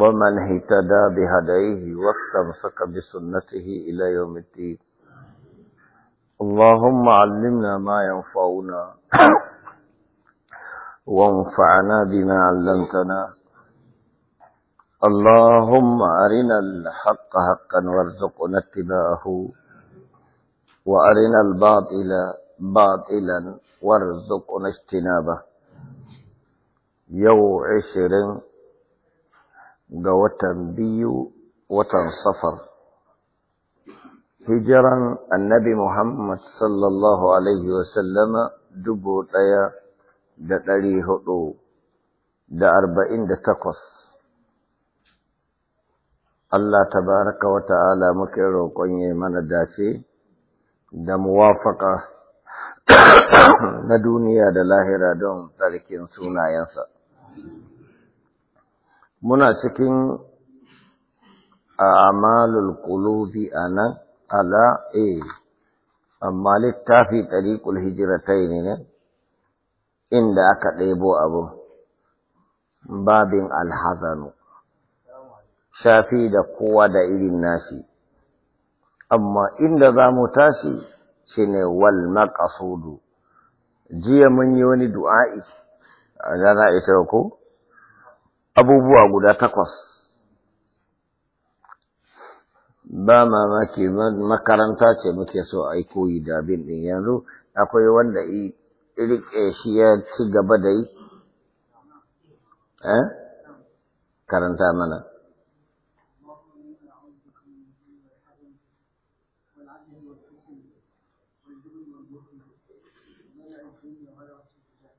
ومن اهتدى بهديه واستمسك بسنته إلى يوم الدين اللهم علمنا ما ينفعنا وانفعنا بما علمتنا اللهم أرنا الحق حقا وارزقنا اتباعه وأرنا الباطل باطلا وارزقنا اجتنابه يو عشرين ga watan biyu watan safar hijiran annabi Muhammad sallallahu Alaihi wasallama dubu ɗaya da ɗari hudu da arba'in da takwas. Allah ta baraka wa ta'ala muke roƙon ya mana dace da muwafaka na duniya da lahira don tsarkin sunayensa. muna cikin a'malul qulubi ana ala eh amma littafi tariqul hijratain ne inda aka ɗebo abu babin alhazanu shafi da kowa da irin nashi amma inda za mu tashi shine wal maqasudu jiya mun yi wani du'a'i za a isa ko abubuwa guda takwas ba mamaki makaranta ce muke so a yi koyi da abin ɗin yanzu akwai wanda riƙe shi ya ci gaba da yi eh? karanta mana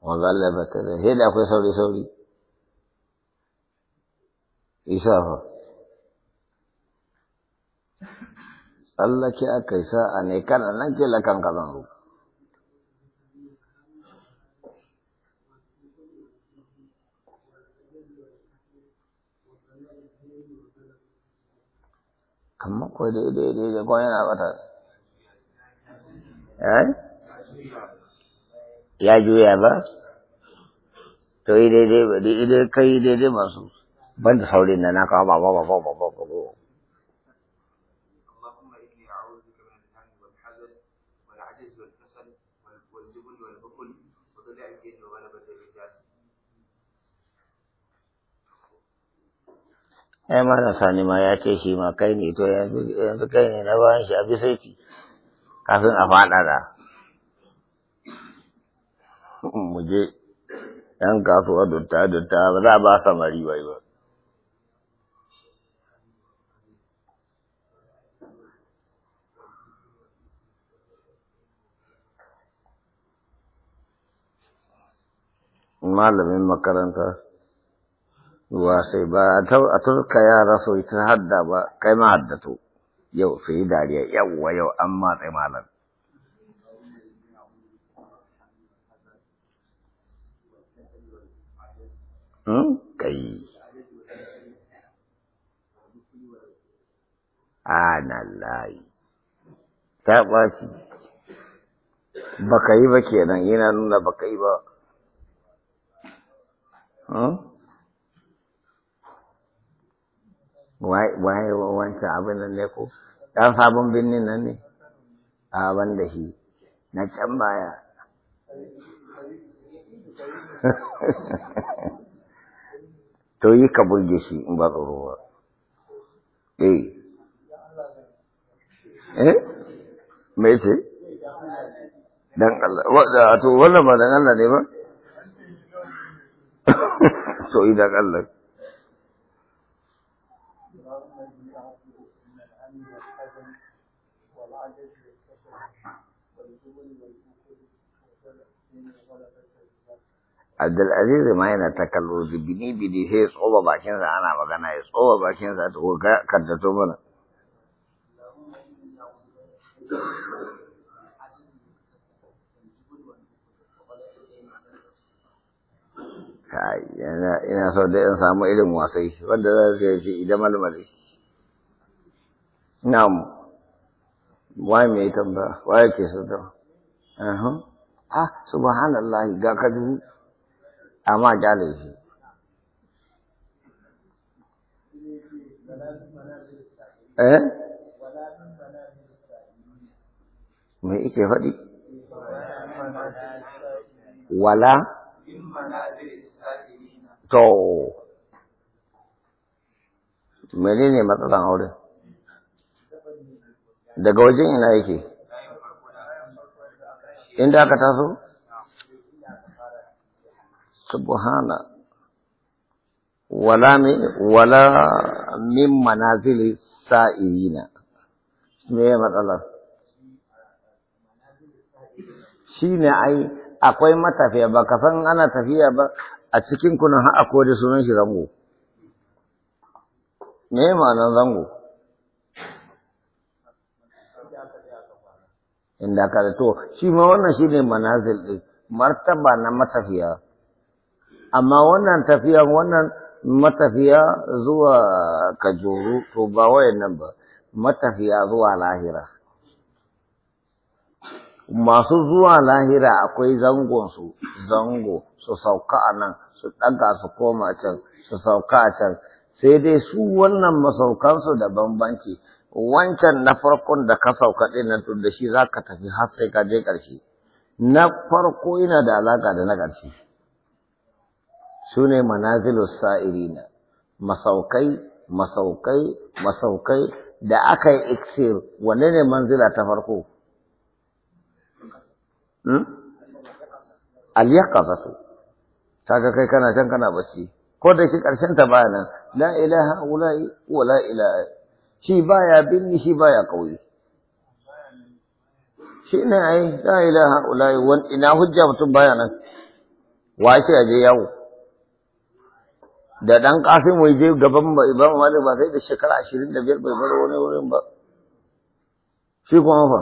wanzu Allah ba ta da akwai sauri-sauri Allah ke aka yi a ne kana nan ke lakan kazan zo kamar ko daidai daidai ko yana bata eh? ya juya ba to yi daidai ba daidai kai daidai masu ban saurin nan na kawo ba ba ba ba ba ba ba ba ai malam sani ma ya ce shi ma kai ne to yanzu kai ne na bayan shi a bisaiki kafin a faɗa da yan kasuwa dutta dutta ba za a ba samari bai ba malamin makaranta wasai ba a turka yara so ita hadda ba kai ma haddato yau su yi dariya yawwa yau an matsa malam hmm? kai ana layi ta ɓaci baka yi ba kenan yana nuna baka yi ba waye wancan abin nan ne ko ɗan sabon birnin nan ne a wanda shi na can baya to yi ka burge shi in ba tsoro ba eh eh me ce dan Allah to wannan ba dan Allah ne ba so idan Allah Abdulaziz ma yana ta kallo bini bini sai ya tsoba bakinsa ana magana ya tsoba bakinsa ta ko kartato mana. kai ina so da in samu irin wasai wanda za su yi idan malmali na'am wai mai tamba wai ke so da aha ah subhanallahi ga ka dubu amma jale shi eh me yake faɗi wala To, menene matsalan aure? Daga wajen ina yake? Inda aka taso? Subhana. Wala min wala min manazili sa'iyina. Me matsala? Shi ne ai akwai matafiya ba kasan san ana tafiya ba a cikin kunan har ko da sunan shi zango me ma'anar zango inda ka da to shi ma wannan shi ne manazil ɗin martaba na matafiya amma wannan tafiya wannan matafiya zuwa kajuru to ba wayan nan ba matafiya zuwa lahira masu zuwa lahira akwai zangon zangonsu zango su sauka a nan su ɗaga su koma can su sauka can sai dai su wannan masaukansu da bambanci wancan na farkon da ka sauka ɗin nan da shi za ka tafi har sai ka je ƙarshe na farko yana da alaƙa da na ƙarshe su ne manazilu sa'irina masaukai masaukai masaukai da aka yi iksir wanne ne manzila ta farko hmm? al-yaqazatu kaga kai kana can kana bacci ko da ke karshen ta baya nan la ilaha ulai wa la ilaha shi baya binni shi baya kauye shi ne ai la ilaha ulai wa ina hujja mutum baya nan washe aje yawo da dan kafin wai je gaban imam malik ba sai da shekara ashirin da biyar bai bar wani wurin ba shi kuma fa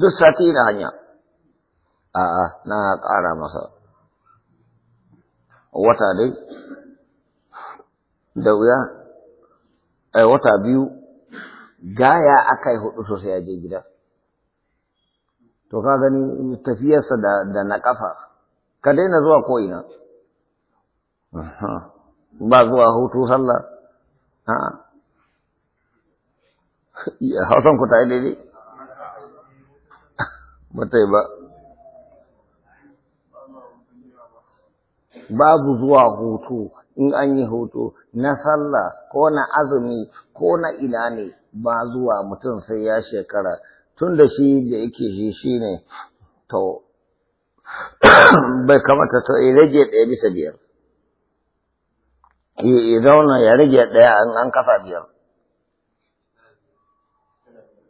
duk sati na hanya a'a na ƙara masa wata dai da wuya a eh, wata biyu gaya yi hudu sosai a gida to ka gani tafiyarsa da da na kafa ka daina zuwa ko ina ba zuwa hutu sallah hausan ku ta yi daidai ba ta yi ba babu zuwa hutu in an yi hutu na sallah ko na azumi ko na ina ne ba zuwa mutum sai ya shekara tun da shi da yake shi shi ne to bai kamata to ya rage ɗaya bisa biyar ya zauna ya rage ɗaya an an kafa biyar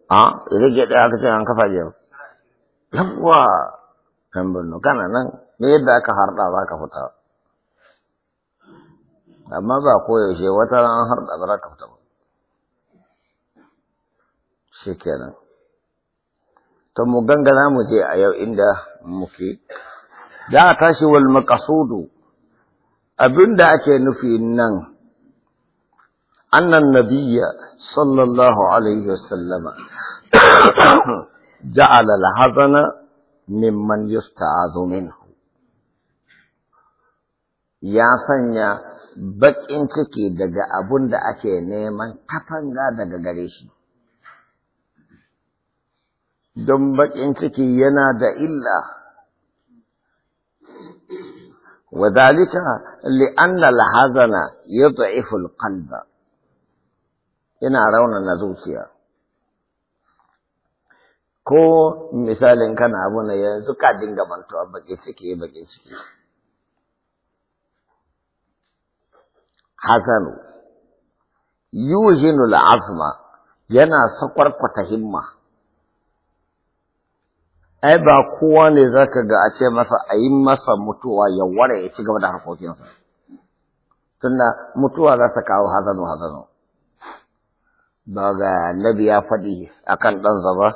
a ya rage ɗaya aka ce an kafa biyar yawwa kan birnin kana nan me yadda aka harɗa za ka fita أما باقوي شيء وترى آخر أدرك أبدا شكرا ثم جنجنا مجيء أيو إندا مكي دا تشي والمقصود أبن دا أكي نفي النن أن النبي صلى الله عليه وسلم جعل الحزن ممن يستعاذ منه يا سنيا baƙin ciki daga abun da ake neman ga daga gare shi. Don baƙin ciki yana da illa. وذلك لأن ya يضعف Ina rauna na zuciya ko misalin kana abu na yanzu ka dinga mantuwa baki ciki baki ciki hasanu yuhinul azma yana sakwarkwata himma ai ba kowa ne zaka ga a ce masa a yi masa mutuwa ya ware ya ci gaba da harkokinsa tunda mutuwa za ta kawo hazanu hazanu ba ga nabi ya faɗi a kan ɗan zaba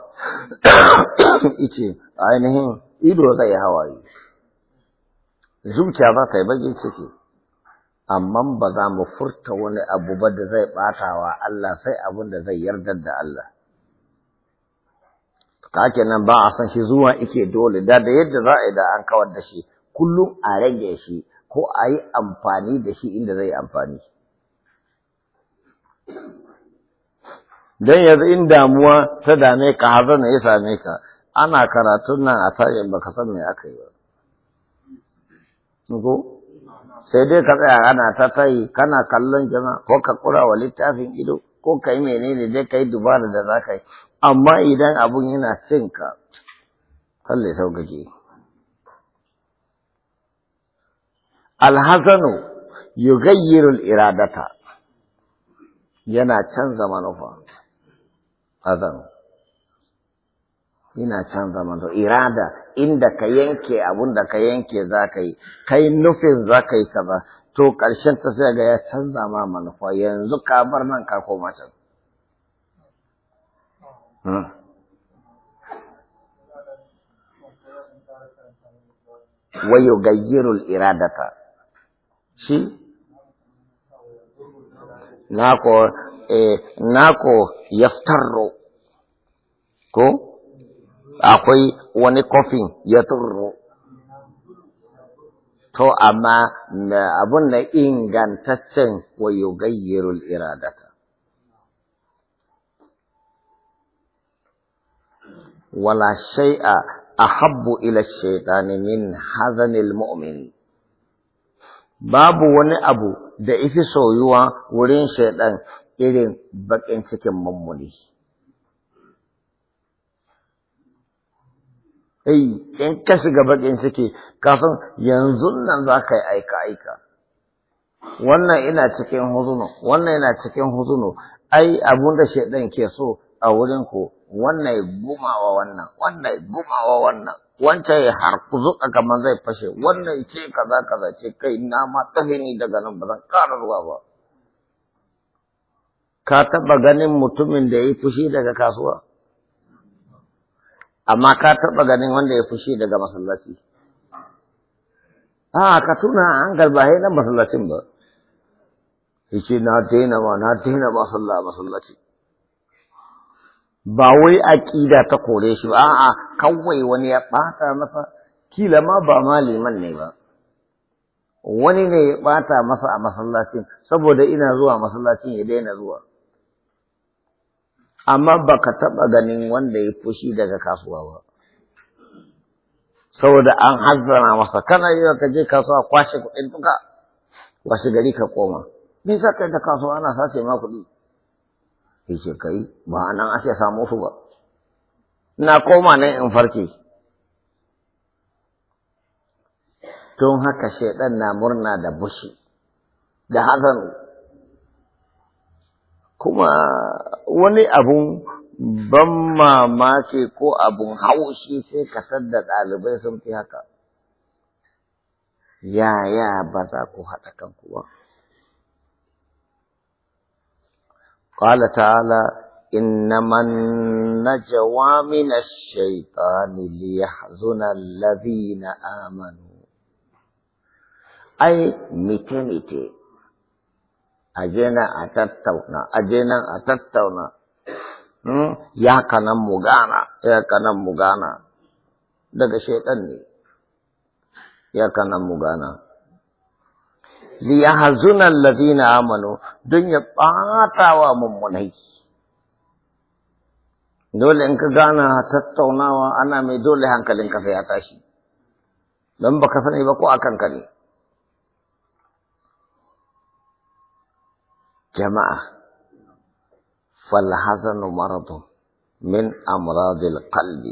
ice ainihin ido zai yi hawaye zuciya ba kai bagin ciki amma ba za mu furta wani abu ba da zai wa Allah sai abin da zai yarda da Allah. ke nan ba a san shi zuwa ike dole, da da yadda za a yi da an kawar da shi, kullum a rage shi ko a yi amfani da shi inda zai amfani. Don yanzu in damuwa ta dame ka, hazana ya same ka, ana karatun nan a sa'in baka san me aka yi ba. sai dai ka tsaya ana ta tayi kana kallon jama'a ko ka kura wa littafin ido ko ka yi menene dai ka yi dubara da za ka yi amma idan abun yana cin ka Allah ya sauƙaƙe alhasanu yugayyiru iradata yana canza manufa hazanu yana canza manzo irada inda ka yanke abun da ka yanke za ka yi kai nufin za ka yi kaza to ƙarshen ta sai ga ya canza ma manufa yanzu ka bar nan ka koma can hmm. wayo gayyirul iradata shi nako eh nako yaftarro ko akwai wani kofin ya turu To, amma abun na ingantaccen wayo gayyarul iradata. Wala shai'a ahabbu ila shaitani min hazanil mu'min. Babu wani abu da ifi soyuwa wurin shaiɗan irin baƙin cikin mummuni. ai in ka shiga bakin ciki, kafin yanzu nan za ka yi aika aika wannan ina cikin huzuno wannan ina cikin huzuno ai abun da shaidan ke so a wurin ku wannan ya gumawa wannan wannan ya gumawa wannan wancan ya harkuzuka kamar zai fashe wannan ce kaza kaza ce kai na ma tafi ni daga nan ba zan ƙara zuwa ba ka taɓa ganin mutumin da ya yi fushi daga kasuwa amma ka taɓa ganin wanda ya fushi daga masallaci a ah, ka tuna an garba sai na masallacin ba ce na daina ba, na daina ba sallah masallaci ba wai aƙida ta kore shi ba a'a kawai wani ya ɓata masa kila ma ba maliman ne ba wani ne ya ɓata masa a masallacin saboda ina zuwa masallacin ya daina zuwa amma ba ka taɓa ganin wanda ya fushi daga kasuwa ba saboda an hazana masa kana yi ka je kasuwa kwashe kuɗin tuka washe gari ka koma me sa kai ta kasuwa ana sace ma kuɗi ce kai ba nan ake samu su ba na koma nan in farke tun haka shaidan na murna da bushi da hazanu kuma wani abun ban mamaki ko abun haushi sai ka da ɗalibai sun fi haka ya ba za ku haɗa kanku ba قال تعالى إنما النجوى من الشيطان ليحزن الذين آمنوا أي متمتئ aje nan a tattauna aje nan a tattauna hmm? ya kanan mu gana ya kanan mu gana daga shaiɗan ne ya kanan mu gana liyahazunan alladhina amanu don ya ɓata wa mummunai dole in ka gana tattaunawa ana mai dole hankalin kafa ya tashi don baka sani ba ko akan ka ne جماعة فالحزن مرض من أمراض القلب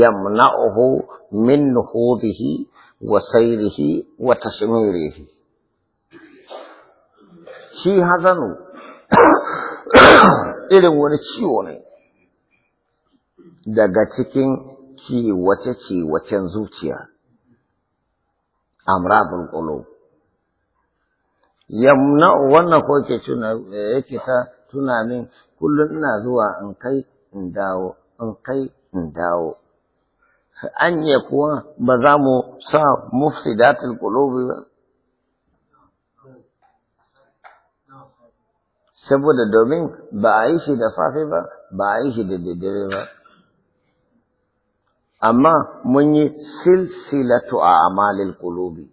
يمنعه من نهوضه وسيره وتشميره شي حزن إذن ونشي وني دقا تكين كي وتشي وتنزوتيا أمراض القلوب yamna wannan ko yake tuna yake ta tuna min kullum ina zuwa in kai in dawo in kai in dawo an yi kuwa ba za mu sa mufsidatul qulubi ba saboda domin ba a yi shi da safe ba ba a yi shi da daddare ba amma mun yi silsilatu a amalil qulubi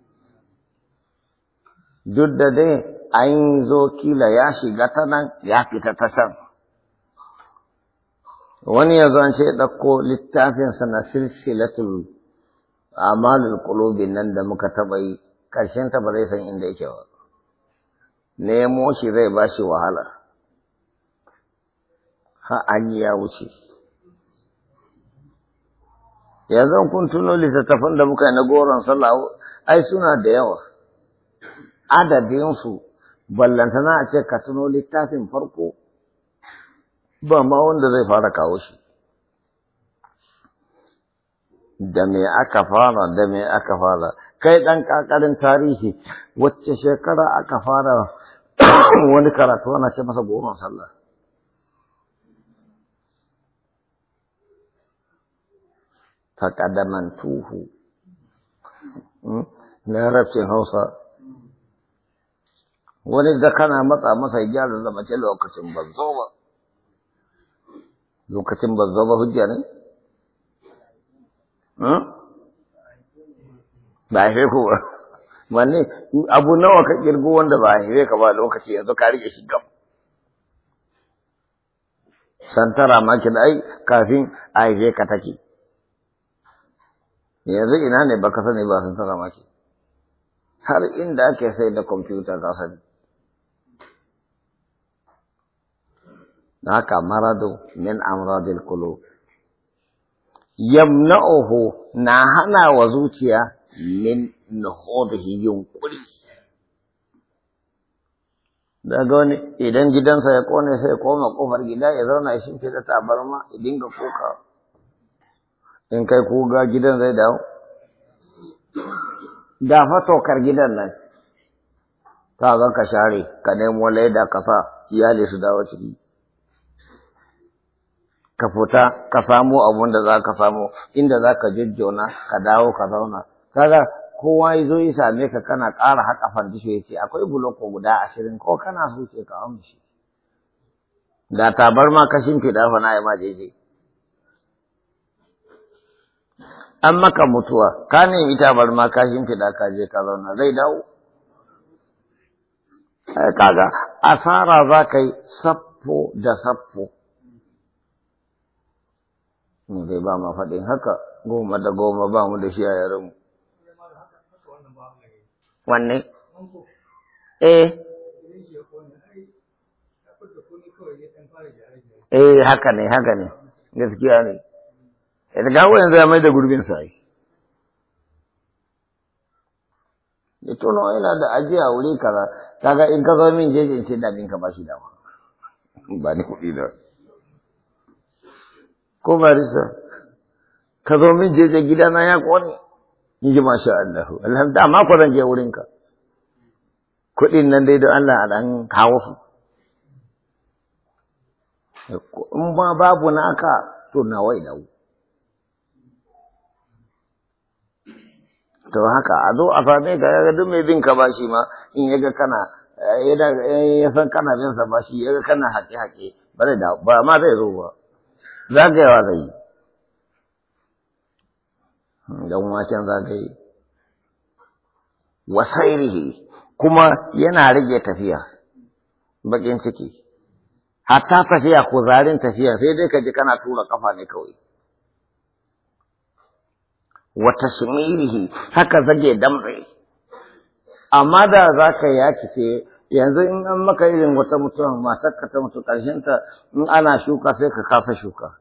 duk da dai an zo kila ya shiga ta nan ya fita ta can wani ya zo an ce ɗauko littafinsa na silsilatul amalul kulubi nan da muka taɓa yi ƙarshen ta ba zai san inda yake ba nemo shi zai ba shi wahala ha an yi ya wuce yanzu kun tuno littattafan da muka yi na goron sallah ai suna da yawa adadinsu ballantana a ce ka tuno littafin farko ba ma wanda zai fara kawo shi da me aka fara da me aka fara kai ɗan ƙaƙarin tarihi wacce shekara aka fara wani karatu ana ce masa goma sallah faƙadamantuhu hmm? larabcin hausa wani da kana matsa masa ya gyara zama ce lokacin ban zo ba lokacin ban zo ba hujja ne hmm? ba a ko ba Wani abu nawa ka kirgo wanda ba a haife ka ba lokaci yanzu ka rike shi gab santara ma ki dai ai kafin a haife ka take yanzu ina ne baka sani ba santara ma ki har inda ake sai da computer ka sani min هناك مرض na hana wa zuciya min وزوتيا من نهوضه da ga wani idan gidansa ya kone sai ya koma kofar gida ya zauna ya ke da tabarma ya dinga kuka in kai kuga gidan zai dawo da fatokar gidan nan ta zan ka share ka nemo laida ka sa iyali su dawo ciki ka fita ka samo abun da za ka samo inda za ka jujjona ka dawo ka zauna kaga kowa ya zo ya same ka kana ƙara haƙa fardisho ya ce akwai buloko guda ashirin ko kana so ce ka amshi ga tabar ma ka shimfiɗa fa na yi ma jeje an maka mutuwa ka nemi tabar ma ka shimfiɗa ka je ka zauna zai dawo kaga asara za ka yi saffo da saffo mu dai ba ma faɗin haka goma da goma ba mu da shi a yarinmu. Wanne? Eh. Eh haka ne haka ne gaskiya ne. Yadda eh, ga wani ya mai da gurbin sa yi. Ya tono yana da ajiya wuri kaza, kaga in ka zo min jejin ce da ka ba shi dama. Ba ni kuɗi da. ko barisa ka zo min je gida gidana ya kone in ji masha Allah alhamdu amma ko zan je wurin ka. kuɗin nan dai don Allah an kawo su in ba babu naka to na wai dawo to haka a zo a same ka ga duk mai bin ka ba shi ma in yaga kana eh, eh, ya san kana bin sa bashi yaga kana haƙe haƙe ba zai da ba ma zai zo ba zagayawa zai yi don waken zagaye wasairihi kuma yana rage tafiya bakin ciki hatta tafiya ko zarin tafiya sai dai ka ji kana tura kafa ne kawai wata haka zage damtse amma da za ka yaki sai. yanzu in an maka irin wata mutuwa matar ka ta mutu ƙarshen ta in ana shuka sai ka kasa shuka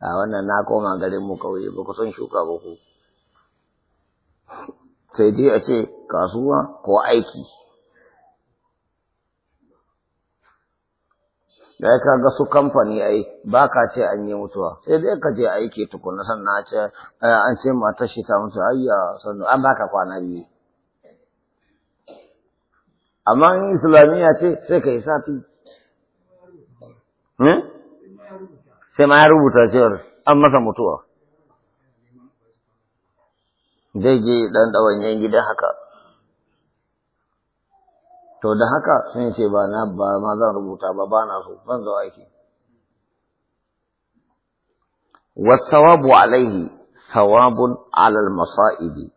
a wannan na koma garin mu kauye ba ku san shuka ba ku sai dai a ce kasuwa ko aiki da ya kaga su kamfani ai ba ka ce an yi mutuwa sai dai ka je aiki tukuna sannan a ce eh, an ce matar shi ta mutu ayya sannan an baka kwana biyu amma in islamiyya ce sai ka yi sati hmm? sai ma ya rubuta cewar an masa mutuwa zai je ɗan yan gida haka to da haka sun ce ba na ba ma zan rubuta ba ba na so ban zo aiki sawabu alaihi sawabun alal masa'ibi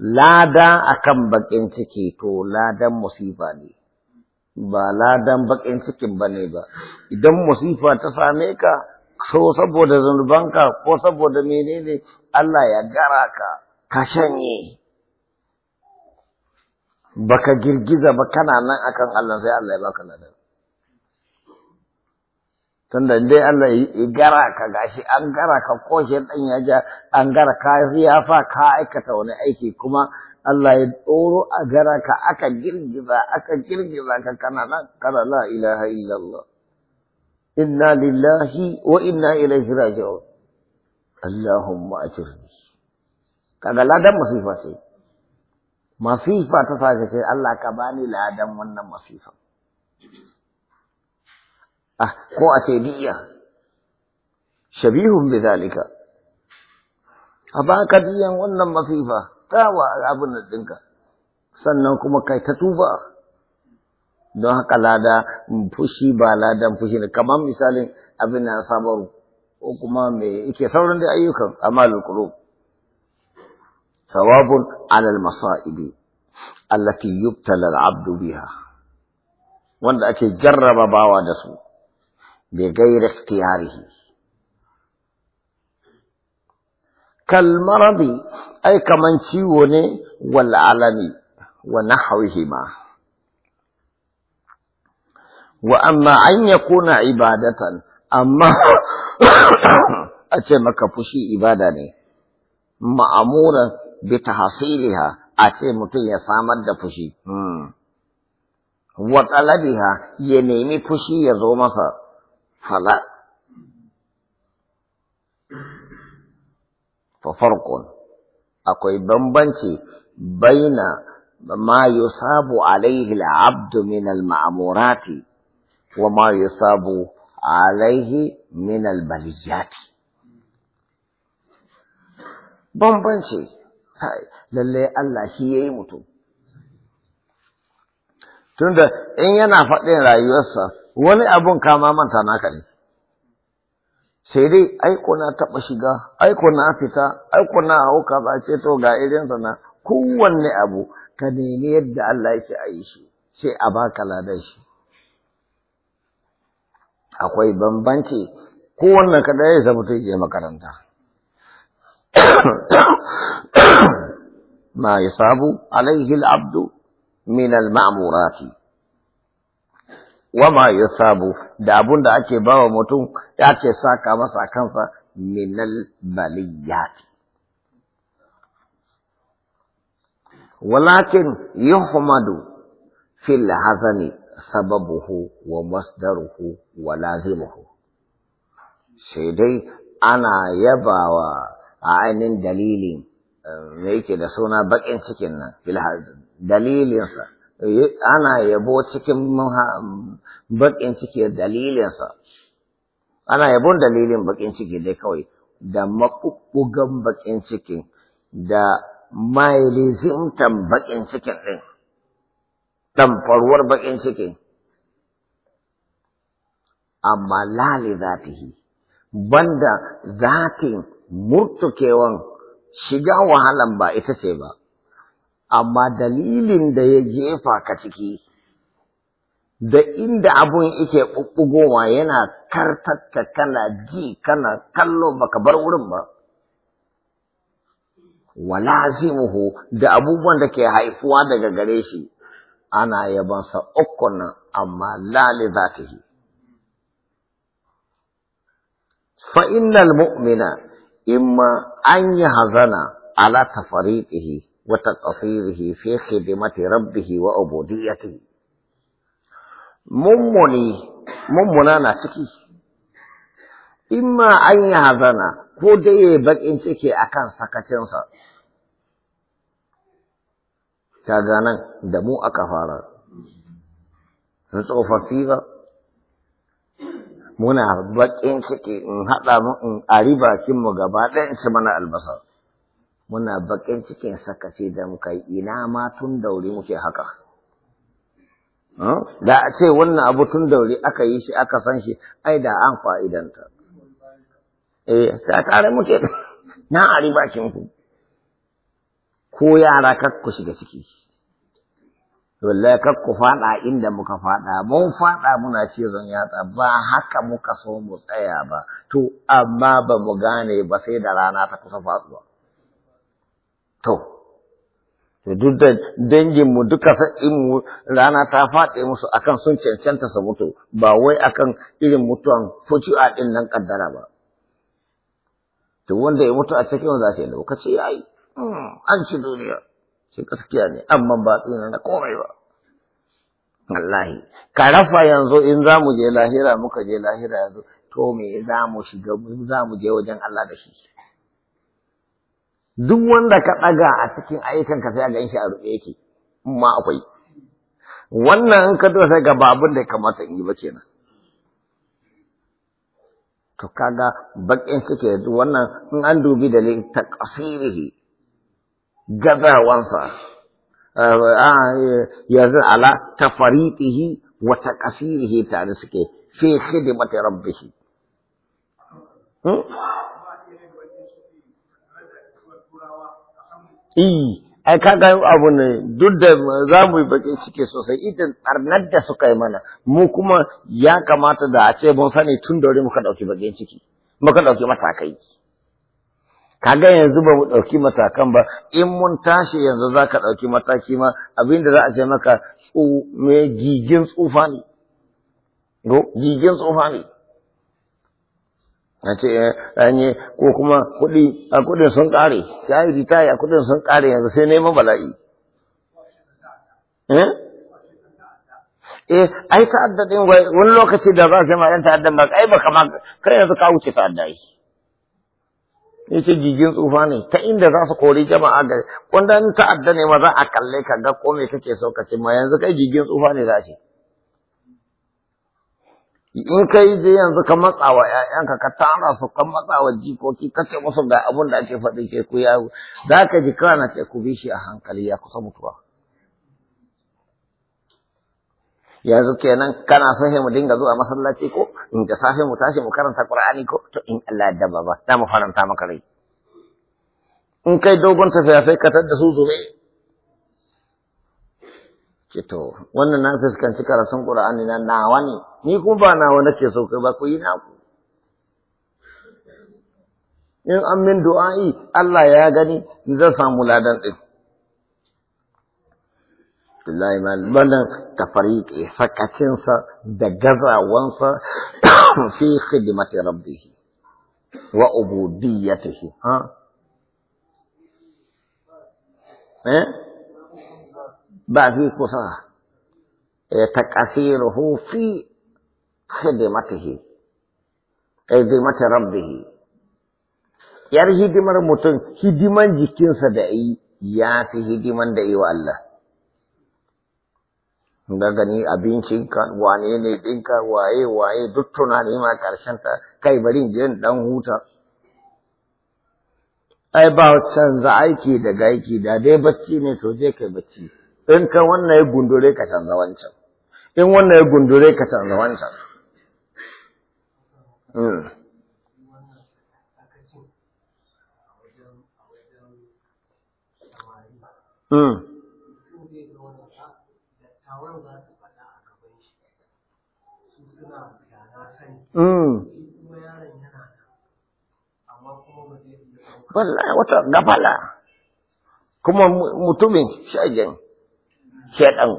lada akan bakin ciki to ladan musifa ne ba ladan bakin cikin bane ba idan musifa ta same ka so saboda zunubanka ko saboda menene Allah ya gara ka ka shanye baka girgiza ba kana nan akan Allah sai Allah ya baka ladan tunda dai Allah ya gara ka gashi an gara ka koshe dan ya ja an gara ka riyafa ka aikata wani aiki kuma Allah ya tsoro a gara ka aka girgiza aka girgiza ka kana nan kana la ilaha illallah inna lillahi wa inna ilaihi raji'un Allahumma ajirni kaga ladan masifa ce masifa ta sake ce Allah ka bani ladan wannan masifa A ko a ce niyya shabihun zalika a baka diyan wannan masifa ta wa abin da dinka sannan kuma kai ta tuba don haka lada fushi ba ladan fushi ne kamar misalin abin na sabaru ko kuma me yake sauran da ayyukan amalul qulub masaibi allati yubtala al abdu biha wanda ake jarraba bawa da su. بغير اختياره كالمرض أي كمن سيوني والعلم ونحوهما وأما أن يكون عبادة أما اتي فشي عبادة مأمورة بتحصيلها أتي متي يسامد فشي وطلبها ينمي فشي يزومسا صلاة ففرق akwai bambanci baina ma yusabu alaihi al-abd min al-ma'murati wa ma yusabu alaihi min al-baliyati bambanci lalle Allah shi yayi mutum Tunda in yana faɗin rayuwarsa wani abun kama manta naka ne. Sai dai aiko na taɓa shiga, aiko na fita, aiko na hau kaza ce to ga irin sana kowanne abu ka nemi yadda Allah yake a yi shi sai a baka ladan shi. Akwai bambanci kowanne ka da ya ta je makaranta. Ma yasabu sabu alaihi abdu min al-ma'murati ya yusabu da abun da ake bawa mutum ya ce saka masa kansa min al-baliyati walakin yuhmadu fil hazani sababuhu wa masdaruhu wa lazimuhu sai dai ana yabawa a ainihin dalilin eh, me yake da suna bakin cikin nan fil hazani dalilinsa eh, ana yabo cikin baƙin ciki dalilinsa ana yabon dalilin baƙin ciki dai kawai da maɓuɓɓugan baƙin cikin da mailizimtan baƙin cikin ɗin ɗamfarwar baƙin cikin amma lali zatihi banda zatin murtukewan shiga wahalan ba ita ce ba amma dalilin da ya jefa ka ciki da inda abun yake ɓuɓɓugowa yana kartatta kana ji kana kallo baka bar wurin ba walazimuhu da abubuwan da ke haifuwa daga gare shi ana yabansa ukun amma lali zatihi fa innal mu'mina imma an hazana ala tafariqihi Wata وتقصيره في خدمة ربه وعبوديته mummuni mummuna na ciki in ma hazana ko dai ya bakin ciki akan sakacinsa kaga nan da mu aka fara su tsofaffi ba muna bakin ciki in haɗa mu in ƙari bakinmu gaba ɗaya in ci mana albasa muna bakin cikin sakaci da muka yi ina ma tun dauri muke haka da a ce wannan abu tun dauri aka yi shi aka san shi ai da an fa'idanta eh ta tare muke na ari bakin ku ko yara kar ku shiga ciki wallahi kar ku faɗa inda muka faɗa mun faɗa muna cizon yatsa ba haka muka so mu tsaya ba to amma ba mu gane ba sai da rana ta kusa faɗuwa to duk da danginmu duka mu rana ta faɗe musu akan sun cancanta su mutu ba wai akan irin mutuwan a ɗin nan ƙaddara ba to wanda ya mutu a cikin za ce lokaci ya yi hmm, an ci duniya shi gaskiya ne amma ba tsina na komai ba wallahi ka yanzu in za mu je lahira muka je lahira yanzu to me za mu shiga za mu je wajen Allah da shi duk wanda ka ɗaga a cikin ayyukanka sai a gan a rufe yake ma akwai wannan in ka dosa ga babun da kamata in yi ba kenan to kaga bakin suke yanzu wannan in an dubi da ta kasirihi gazawansa eh, ah, yanzu ala tafaritihi wa taqsirihi tare suke fi khidmati rabbih hmm? Eh, ai kaga abu ne duk da za mu yi baƙin ciki sosai idan tsarnar da suka yi mana mu kuma ya kamata da a ce mun sani tun da wuri muka ɗauki bakin ciki muka ɗauki matakai kaga yanzu ba mu ɗauki matakan ba in mun tashi yanzu za ka ɗauki mataki ma abin da za a ce maka mai gigin tsufa ne gigin tsufa ne a ce ranye eh, ko kuma kuɗi a kuɗin sun ƙare ya yi ritaya a kuɗin sun ƙare yanzu sai neman bala'i e ai ta'adda din wani lokaci da za su ma yan ta'adda ba ai ma kai yanzu ka wuce ta'adda yi yace gigin tsufa ne ta inda za su kori jama'a ga kundan ta'adda ne ma za a kalle ka ga ko me kake so ka ce ma yanzu kai gigin tsufa ne za ce in yi je yanzu ka matsa wa ‘ya’yanka ka tara su ka matsa wa jikoki ka ce musu ga abin da ake faɗi ke ku yawo za ka ji kana ce ku bi shi a hankali ya kusa mutuwa yanzu kenan kana so mu dinga zuwa masallaci ko in ka safe mu tashi mu karanta qur'ani ko to in Allah ya daba ba za mu faranta maka rai in kai dogon tafiya sai ka tar su zube to wannan na fuskanci karatun Qur'ani na nawa ne ni kuma ba nawa nake so kai ba ku yi naku in an min du'a'i Allah ya gani zan samu ladan din billahi mal fari ke sakacinsa da gazawansa fi khidmati rabbih wa ubudiyyatihi ha eh ba fi kusa ya ta ƙasiruhu fi khidmatihi khidmati rabbih yar hidimar mutum hidiman jikinsa da yi ya fi hidiman da yi wa Allah da gani abincin ka wane ne dinka waye waye duk tunani ma karshen ta kai bari in dan huta ai ba canza aiki daga aiki da dai bacci ne to je kai bacci in ka wannan ya gundure ka canza wancan in wannan ya gundure ka canza wancan hmm. Hmm. Hmm. Wallahi wata gafala kuma mutumin shagen Kedan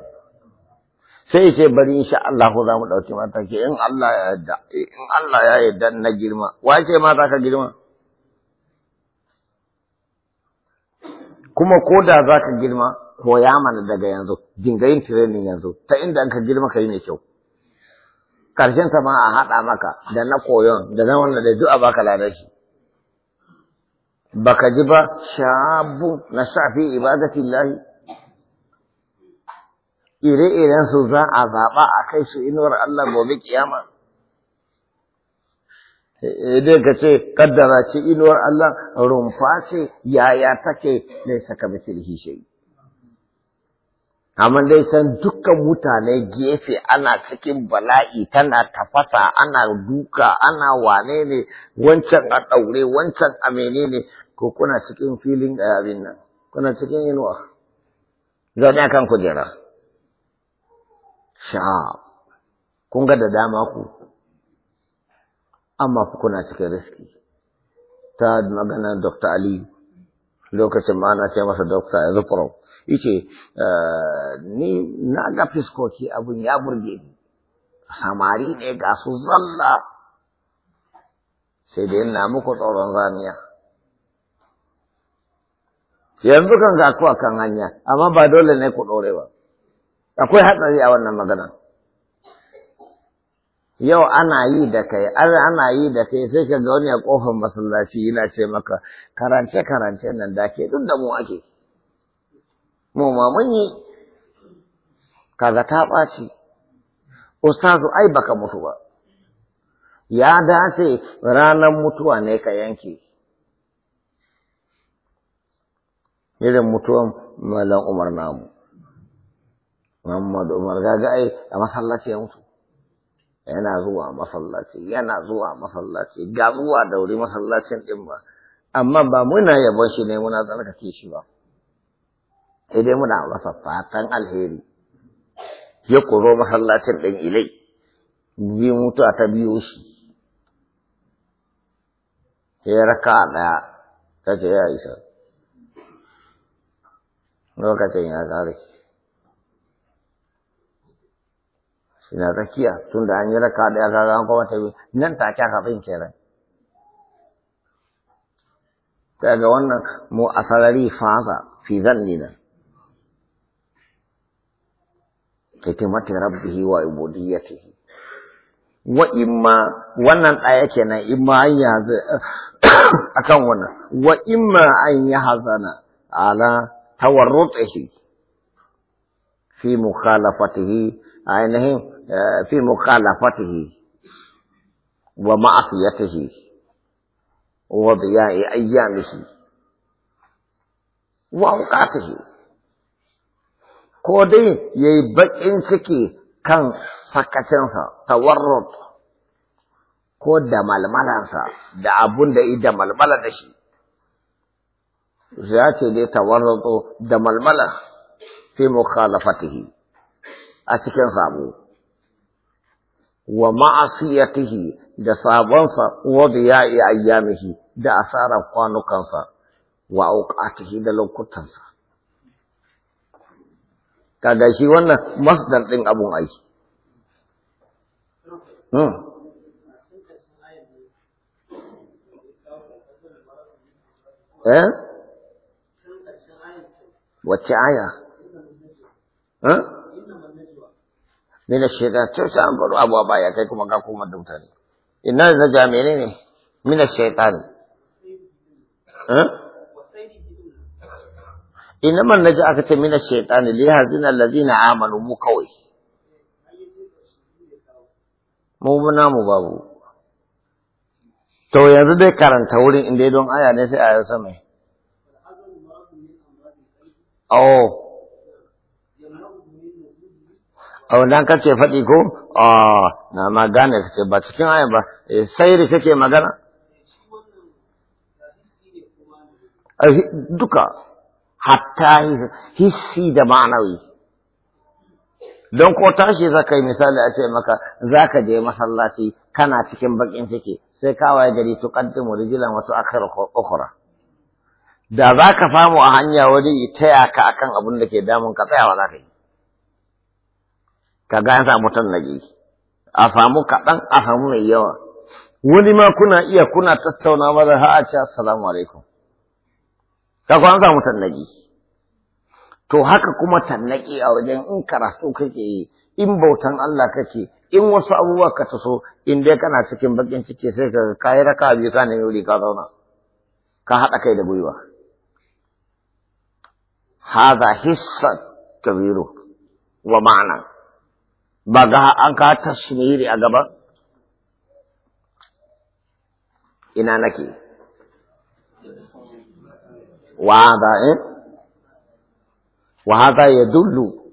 sai ce bari insha Allah za mu dauki Ke in Allah ya yarda in Allah ya yarda na girma wace mata ka girma kuma ko da za ka girma koya mana daga yanzu dinga yin training yanzu ta inda ka girma ka yi mai kyau karshen ta ma a haɗa maka da na koyon da na wannan da baka lada shi baka ji ba shabu na shafi ibadatillahi ire-iren su za a zaɓa a kai su inuwar Allah gobe kiyama. Idan eh, ka ce kaddara ce inuwar Allah rumfa ce yaya take ne saka misali shi amma dai san dukkan mutane gefe ana cikin bala'i tana tafasa ana duka ana wane ne wancan a ɗaure wancan a menene ko kuna cikin filin eh, abin nan kuna cikin inuwa zaune akan kujera sha'ab kun ga da dama ku amma ku kuna cikin riski ta magana Dr. Ali lokacin ma ana ce masa Dr. Azufro yace eh, ni na ga fiskoki abun ya burge ni samari ne ga su zalla sai dai na muku tsoron zamiya yanzu kan ga kuwa kan hanya amma ba dole ne ku ɗore ba akwai hatsari a wannan magana yau ana yi da kai ana yi da kai sai ka ga wani a kofar masallaci yana ce maka karance karance nan da ke duk da mu ake mu ma mun yi kaga ta ɓaci ustazu ai baka mutu ba ya dace ranar mutuwa ne ka yanke irin mutuwan malam umar namu Muhammad Umar gaga ai a masallaci ya mutu yana zuwa masallaci yana zuwa masallaci ga zuwa da wuri masallacin din ba amma ba muna yabon shi ne muna ce shi ba sai dai muna masa fatan alheri ya koro masallacin din ilai bi mutuwa ta biyo shi ya raka daya ta ce ya isa lokacin ya kare suna tsakiya tun da an yi raka ɗaya ka an kuma ta biyu nan ta kya kafin kenan ta ga wannan mu a sarari fasa fi zanni nan hikimati rabbihi wa ibudiyatihi wa imma wannan ɗaya kenan imma an yi a kan wannan wa imma an yi hazana ala shi fi mukhalafatihi ainihin في مخالفته ومعصيته وضياء أيامه وأوقاته كودي يبقى سكي كان سكتنها تورط كود ململانسا دا أبون دا إيدا ململا دشي زياتي دي تورط دا ململا في مخالفته أتكن صابوه wa ma'asiyatihi da sabonsa ya yi ayyamihi da asarar kwanukansa wa auqatihi da lokutansa kaga shi wannan masdar din abun aiki hmm. eh wacce aya eh min ash-shaytan to sai an faru abu baya kai kuma ka koma da mutane inna zaja menene min ash-shaytan eh man naji aka ce min ash-shaytan li hazina allazina amanu mu kawai mu muna mu babu to yanzu dai karanta wurin inda don aya ne sai a yau sama oh a wannan kace faɗi ko a na magana kace ba cikin ayan ba eh, sai da kake magana duka hatta hissi da ma'anawi don ko tashi za ka yi misali a ce maka za ka je masallaci kana cikin bakin ciki sai kawai gari to kaddimu rijilan wasu akhir da za ka samu a hanya wani taya ka akan abin da ke damun ka tsayawa za ka yi ka ga an samu tallafi a samu kaɗan a samu mai yawa wani ma kuna iya kuna tattauna maza har a ce assalamu alaikum ka an samu tallafi to haka kuma tannaki a wajen in karatu kake yi in bautan Allah kake in wasu abubuwa ka taso in dai kana cikin bakin ciki sai ka kayi raka biyu ka nemi wuri ka zauna ka haɗa kai da gwiwa haza hissa kabiru wa ma'ana ba ga an kata su miri a gaba? Ina nake? Wa haza eh? Wa haza ya dullu,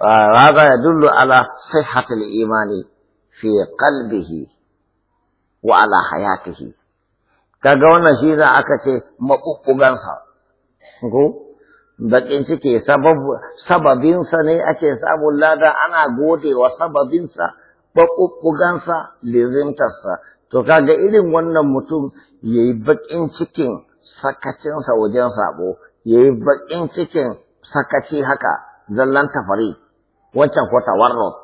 wa haza ya ala sai hatar imani fi kalbihi wa ala hayatihi. Kaga wannan shi za aka ce maɓuɓɓugansa. Ko? bakin ciki sababinsa ne ake samun lada ana gode wa sababinsa baƙuƙugansa lirintarsa. to kaga irin wannan mutum ya yi bakin cikin sakacinsa wajen sabo ya yi bakin cikin sakaci haka zallan tafari wancan ko tawarrud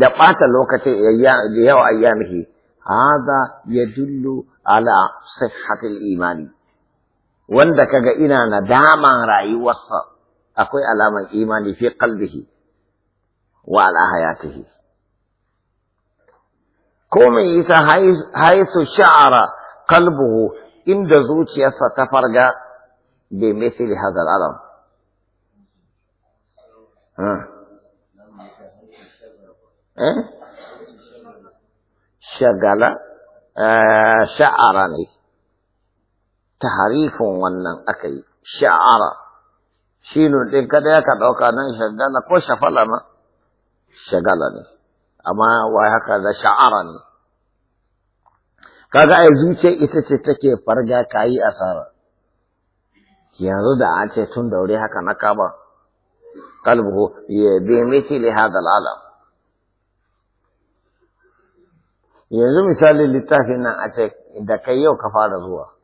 da ɓata lokaci da yawa ayyamihi hada yadullu ala sihhatil imani wanda kaga ina nadama rayuwarsa akwai alaman imani fi qalbihi wa ala hayatihi komai isa haisu sha'ara qalbuhu inda zuciyarsa ta farga bi mithli hadha alam shagala sha'ara ne taharifin wannan aka yi sha'ara Shi ɗin kada ya ka ɗauka nan shagala ko shafala ma shagala ne amma wa haka da sha'ara ne kaga ai zuciya ita ce take farga kayi asara yanzu da an ce tun daure haka na kama kalbuhu ya bi mithli hadal alam yanzu misali littafin nan a ce da kai yau ka fara zuwa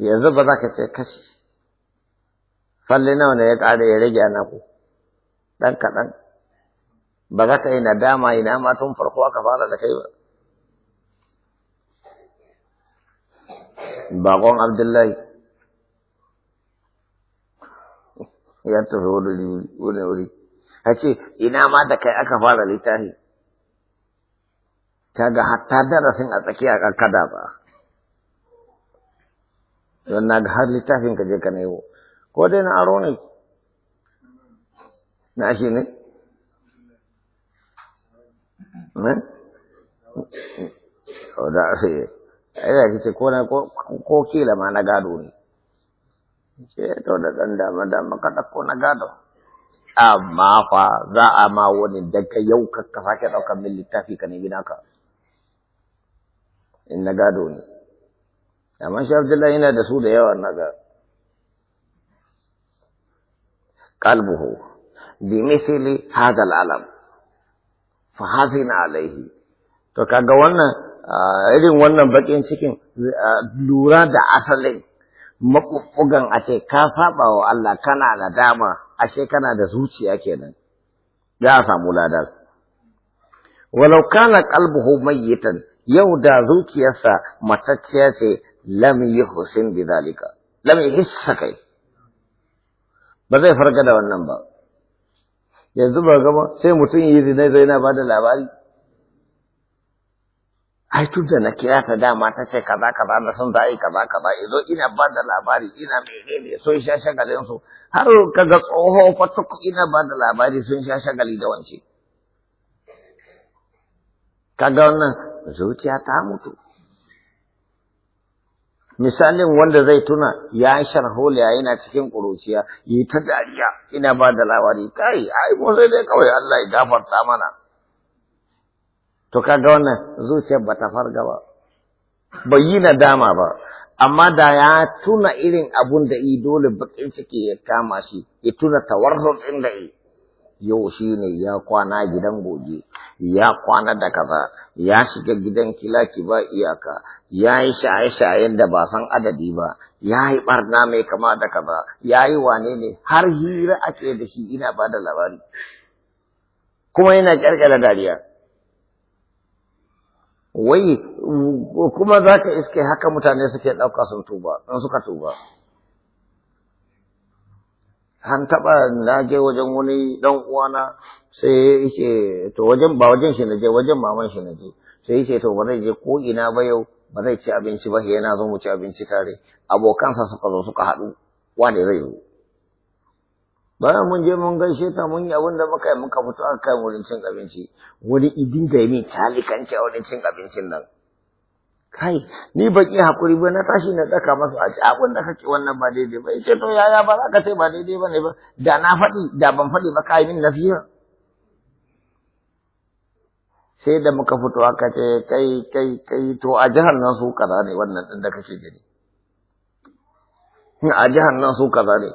yanzu ba za ka ce kashi falle nawa ne ya ƙara ya rage ana ku ɗan kaɗan ba za ka yi nadama ina ma tun farko aka fara da kai ba baƙon abdullahi ya tafi wani wuri a ce ina ma da kai aka fara littafi ga hatta darasin a tsakiya ƙarƙada ba don na ga har littafin ka je ka nemo ko dai na aro ne na shi ne da sai da kike ko na ko kila ma na gado ne ke to da dan dama dama ka ko na gado amma fa za a ma wani daga yau ka sake daukar min littafi ka ne gina ka in na gado ne amma shi abdullahi yana da su da yawa na ga kalbuhu bi misali hadha alam fa hazina alaihi to kaga wannan irin wannan bakin cikin lura da asalin makukugan a ce ka saba wa Allah kana da dama ashe kana da zuciya kenan ya samu ladar walau kana kalbuhu mayyitan yau da zuciyarsa matacciya ce lam yuhsin bidhalika lam yuhissa kai ba zai farka da wannan ba yanzu ba gama sai mutum yi zina zai na bada labari ai tun da na kira ta dama ta ce kaza kaza na san za yi kaza kaza izo ina bada labari ina sun sha shagalin su har kaga tsoho fatuk ina bada labari sun sha shagali da wance kaga wannan zuciya ta mutu misalin wanda zai tuna ya sharholiya yana cikin ƙuruciya yi ta dariya ina ba da labari kai ai mu sai dai kawai Allah ya gafarta mana to kaga wannan zuciyar ba ta farga ba bai yi nadama ba amma da ya tuna irin abun da i dole bakin ciki ya kama shi ya tuna tawarrud din da i yau shi ne ya kwana gidan goge ya kwana da kaza ya shiga gidan kila kilaki ba iyaka ya yi shaye-shayen da ba san adadi ba, ya yi ɓarna mai kama da kaza, ya yi wane ne har hira ake da shi ina ba da labari. Kuma yana ƙyarƙyar dariya. Wai, kuma za ka iske haka mutane suke ɗauka sun tuba, sun suka tuba. An taɓa na je wajen wani ɗan uwana sai ya ce, to wajen ba wajen shi na je, wajen maman shi na je. Sai ya to ba zai je ko ina ba yau, ba zai ci abinci ba yana zo mu ci abinci tare abokansa suka zo suka haɗu wane zai zo bayan mun je mun gaishe ta mun yi abin da muka yi muka fito aka kai wurin cin abinci wani idin da ne talikanci a wurin cin abincin nan kai ni baki hakuri ba na tashi na daka masa a ci abin da kake wannan ba daidai ba ce to yaya ba za ka ce ba daidai ba ne ba da na faɗi da ban faɗi ba ka yi min nasiha sai da muka fito aka ce kai kai kai to a jihar nan su kaza ne wannan din da kake gani hm, a jihar nan su kaza ne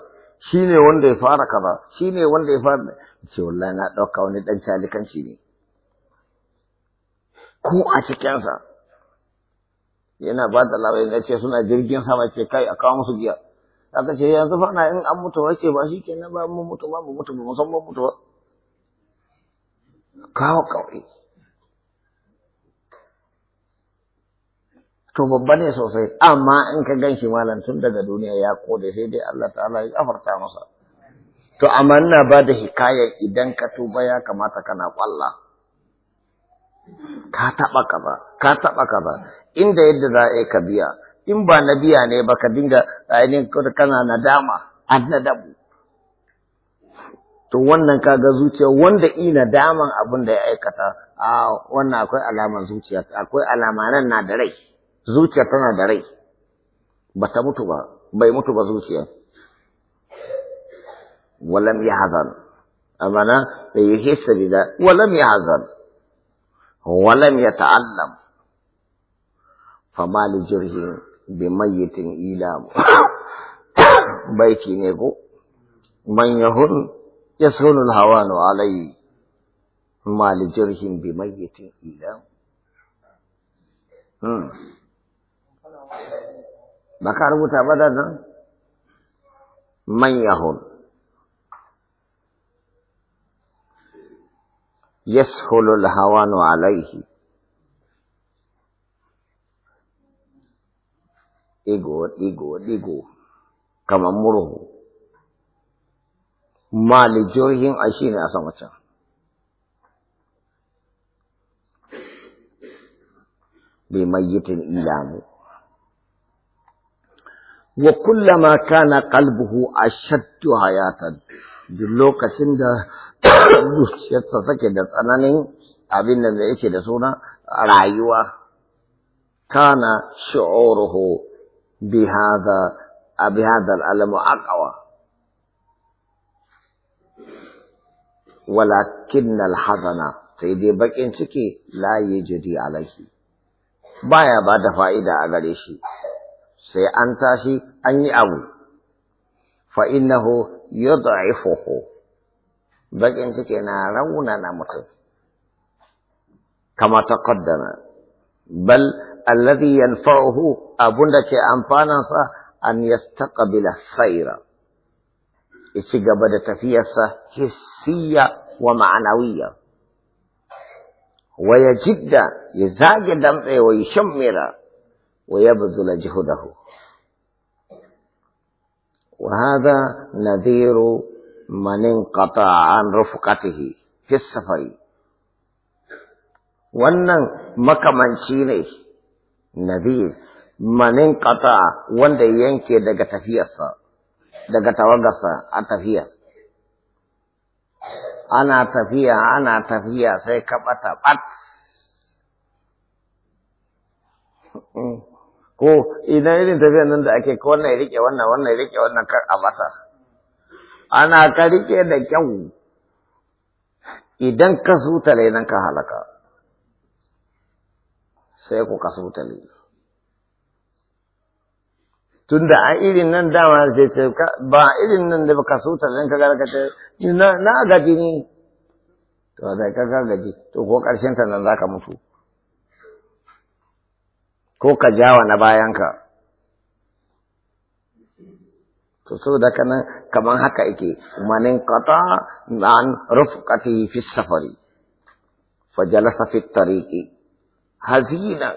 shi ne wanda ya fara kaza shi ne wanda ya fara ce wallahi na ɗauka wani ɗan calikanci ne ko a cikinsa yana ba da labarin ya ce suna jirgin sama ce kai a kawo musu giya aka ce yanzu fa na in an mutu wace ba shi kenan ba mu mutu ba mu mutu ba mu mutu ba kawo kawai to babba ne sosai amma in ka gan shi malam tun daga duniya ya kode sai dai Allah ta'ala ya gafarta masa to amma ina ba da hikaya idan ka tuba ya kamata kana kwalla ka taba kaza ka taba kaza inda yadda za a ka biya in ba na biya ne ba ka dinga ainihin kana nadama an nadabu to wannan ka ga zuciya wanda ina nadaman abin da ya aikata a wannan akwai alaman zuciya akwai alama nan na da rai zuciya tana da rai ba ta mutu ba bai mutu ba zuciya walam ya yahzan amana bai eh, hissa bida walam ya hazan, walam ta'allam, fa mali jirhin bi mayyitin ilam Baiki ne ko man yahun yasunu alhawanu alayhi ma mali jirgin bi mayyitin ilam hmm. ba ka rubuta ba da nan man yahun yashulu alaihi ego ego digo kamar murhu malijohin a shi ne a sama can na mayyitin ilamu وكلما كان قلبه أشد حياة دلوك سند دوشت سكد أنانين أبين نبيش لسونا رعيوة كان شعوره بهذا بهذا الألم أقوى ولكن الحزن سيدي بكين سكي لا يجدي عليه بايا بعد فائدة fa'ida sai an tashi an yi abu fa innahu yud'ifuhu bakin ciki na raunana mutum kama taqaddama bal alladhi yanfa'uhu abunda ke amfanansa an yastaqbila khaira ci gaba da tafiyarsa hissiya wa ma'anawiyya wa ya jidda ya zage damtsewa ya shammira ويبذل جهده وهذا نذير من انقطع عن رفقته في السفر wannan makamanci ne nadir manin kata wanda yanke daga tafiyarsa daga tawagarsa a tafiya ana tafiya ana tafiya sai ka ɓata ɓat ko idan irin tafiyar nan da ake ko wannan ya rike wannan wannan ya rike wannan kar a masa ana ka rike da kyau idan ka sutale nan ka halaka sai ku ka sutale tunda a irin nan dama ce ce ba irin nan da ka sutale nan ka ga ka ce na gaji ne to da ka gaji to ko karshen ta nan zaka mutu ko ka jawa na bayan ka to so da kana kaman haka yake manin qata an rufqati fi safari fajalasa fi tariqi hazina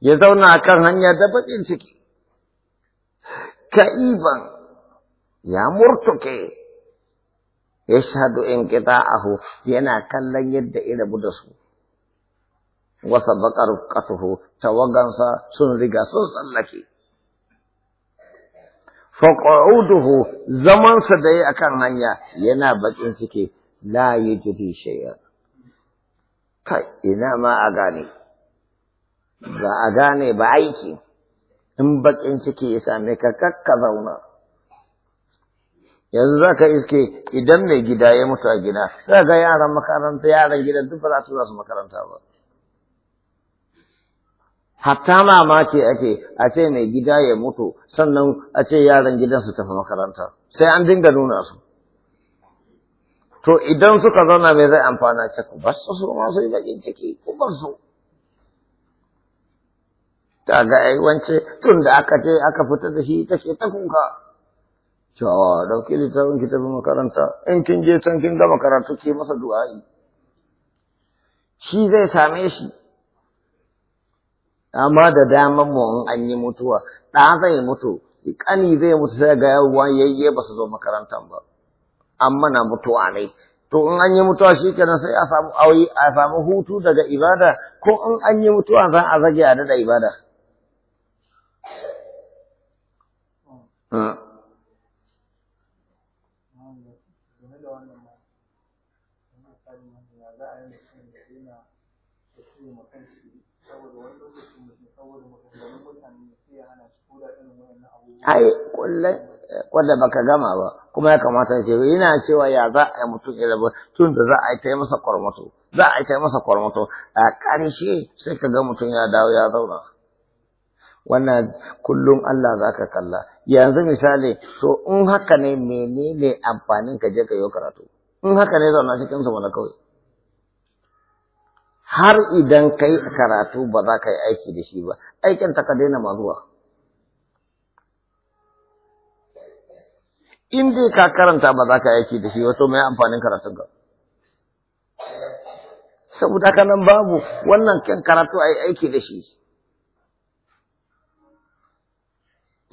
ya zauna kan hanya da bakin ciki ka'iban ya murtuke ya shaɗu in kita ahu yana kallon yadda ina da su wasa baƙar ƙasuhu tawagansa sun riga sun tsallake. Faƙa'uduhu zamansa da yi akan hanya yana baƙin ciki la yi jiri shayar. Kai, ina ma a gane, ba a gane ba aiki, in baƙin ciki ya same ka kakka zauna. yanzu za ka iske idan mai gida ya mutu a gida za ga yaran makaranta yaran gidan duk ba za su makaranta ba hatta mamaki ake a ce mai gida ya mutu sannan a ce yaran gidan su tafi makaranta sai an dinga nuna su to idan suka zauna mai zai amfana ce ku ba su ma su yi bakin ciki ku ba su ta ga ai wance tun da aka ce aka fita da shi ta ce ta kunka cewa dauki littafin ki tafi makaranta in kin je can kin ga makarantu ki masa du'a'i shi zai same shi amma da daman mu in an yi mutuwa ɗa zai mutu kani zai mutu sai ga yawa yayye ba su zo makaranta ba amma na mutuwa ne to in an yi mutuwa shi kenan sai a samu auyi a samu hutu daga ibada ko in an yi mutuwa za a zage a da ibada hmm. ai kwalla baka gama ba kuma ya kamata ce yana cewa ya za a yi mutum ya zaba tun da za a yi ta masa kwarmato za a yi ta masa kwarmato a ƙarshe sai ka ga mutum ya dawo ya zauna wannan kullum Allah za ka kalla yanzu misali so in haka ne menene amfanin ka je ka yi karatu in haka ne zauna cikin su na kawai har idan kai karatu ba za ka yi aiki da shi ba aikin ta ka daina ma in dai ka karanta ba za ka yaki da shi wato mai amfanin karatun ka saboda haka nan babu wannan kyan karatu a yi aiki da shi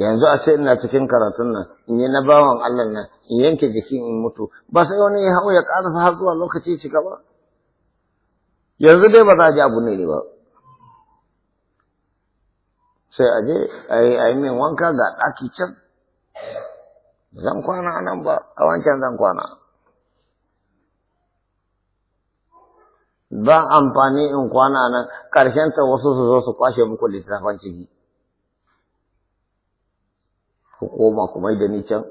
yanzu a ce ina cikin karatun nan in yi na bawan Allah nan in yanke jikin in mutu ba sai wani ya hau ya karasa har zuwa lokaci cika ba yanzu dai ba za a ji abu ne ba sai a je a yi min wanka ga ɗaki can zan kwana nan ba a wancan zan kwana ba amfani in kwana nan ƙarshen ta wasu su zo su kwashe muku littafan ciki ku koma kuma da ni can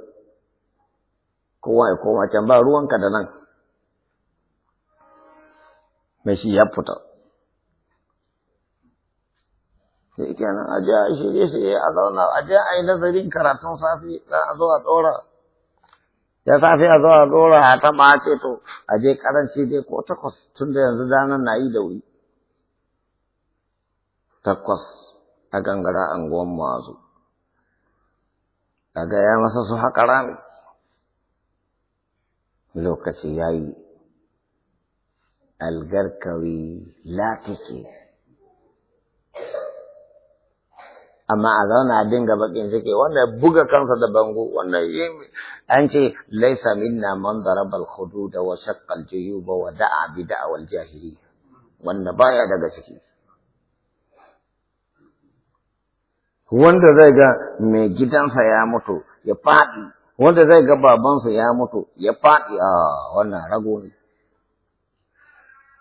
kowa ya koma can ba ruwanka da nan mai shi ya fita sai kenan a ja shirye shirye a zauna a ja a yi nazarin karatun safi a zo a ɗora ya safi a zo a a ce to a je karanci dai ko takwas tun da yanzu danan na yi da wuri takwas a gangara gwan mazu a gaya masa su haƙa rami lokaci ya yi algarkawi latike amma a zauna a dinga bakin wanda ya buga kansa da bango wanda yi an ce laisa minna man darabal da wa shaqqal juyuba wa da'a bi da'wal jahili wanda baya daga ciki wanda zai ga mai gidansa ya mutu ya faɗi wanda zai ga babansa ya mutu ya faɗi a ah, wannan rago ne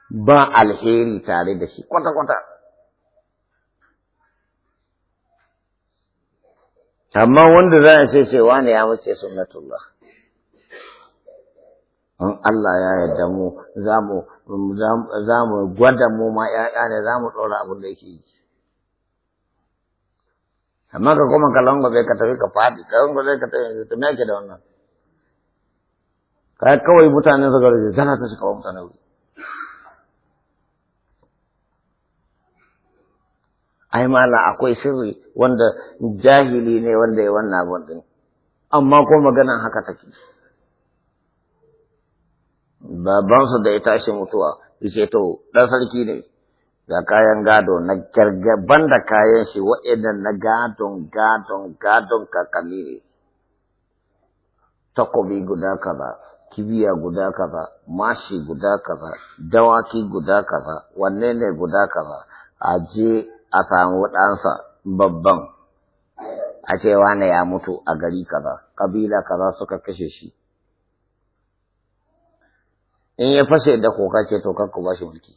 ba alheri tare da shi kwata-kwata amma wanda za a ce cewa ya mace sunnatullah in Allah ya yarda mu za mu gwada mu ma ya ne za mu tsora abin da yake yi amma ka kuma ka ba zai ka tafi ka fadi ka ba zai ka tafi ka tafi da wannan kawai mutane su gari zana ta shi kawai mutane wuri ai mala akwai sirri wanda jahili ne wanda ya wannan abun din amma ko magana haka take babansa da ya tashi mutuwa yace to dan sarki ne ga kayan gado na gargaban da kayan shi wa'annan na gadon gadon gadon ta ne takobi guda kaza kibiya guda kaza mashi guda kaza dawaki guda kaza wanne ne guda kaza a je a samu ɗansa babban a ce wane ya mutu a gari kaza kabila kaza suka kashe shi in ya fashe da koka ce to kakku ba shi mulki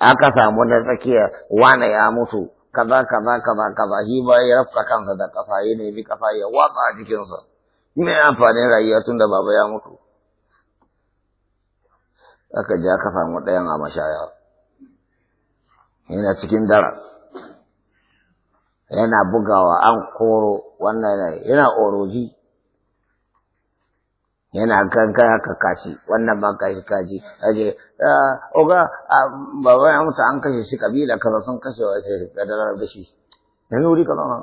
aka samu na tsakiya wane ya mutu kaza kaza kaza kaza shi ba ya rafka kansa da kafa ya nemi kafa ya watsa a jikinsa me amfanin rayuwa tun da baba ya mutu aka ja ka samu ɗayan a mashaya yana cikin dara yana bugawa an koro wannan yana oroji yana kanka ka kashi wannan ba kashi kaji aje ah, oga ah, baba ya mutu an kashe shi kabila kaza sun kashe wa sai ga dara da shi na nuri kana ma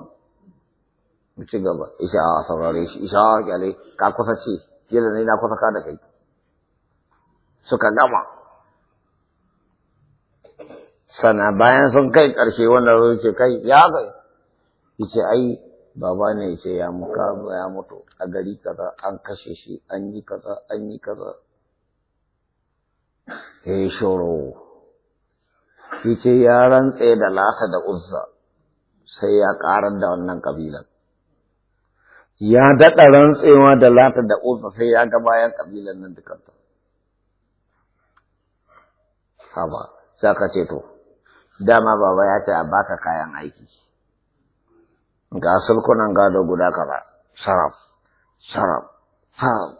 mu ci gaba isha saurare shi isha kyale ka kusa ce yadda ne na kusa ka da kai suka gama sana bayan sun kai ƙarshe wanda zai ce kai ya kai yace ai baba ne yace ya muka ya mutu a gari kaza an kashe shi an yi kaza an yi kaza eh shoro yace ya rantse da lasa da uzza sai ya karar da wannan kabilan ya daɗa rantsewa da lata da uzza sai ya ga bayan kabilan nan dukanta haba sai ka ce to dama baba ya ce a baka kayan aiki ga sulkunan gado guda kaza saraf saraf saraf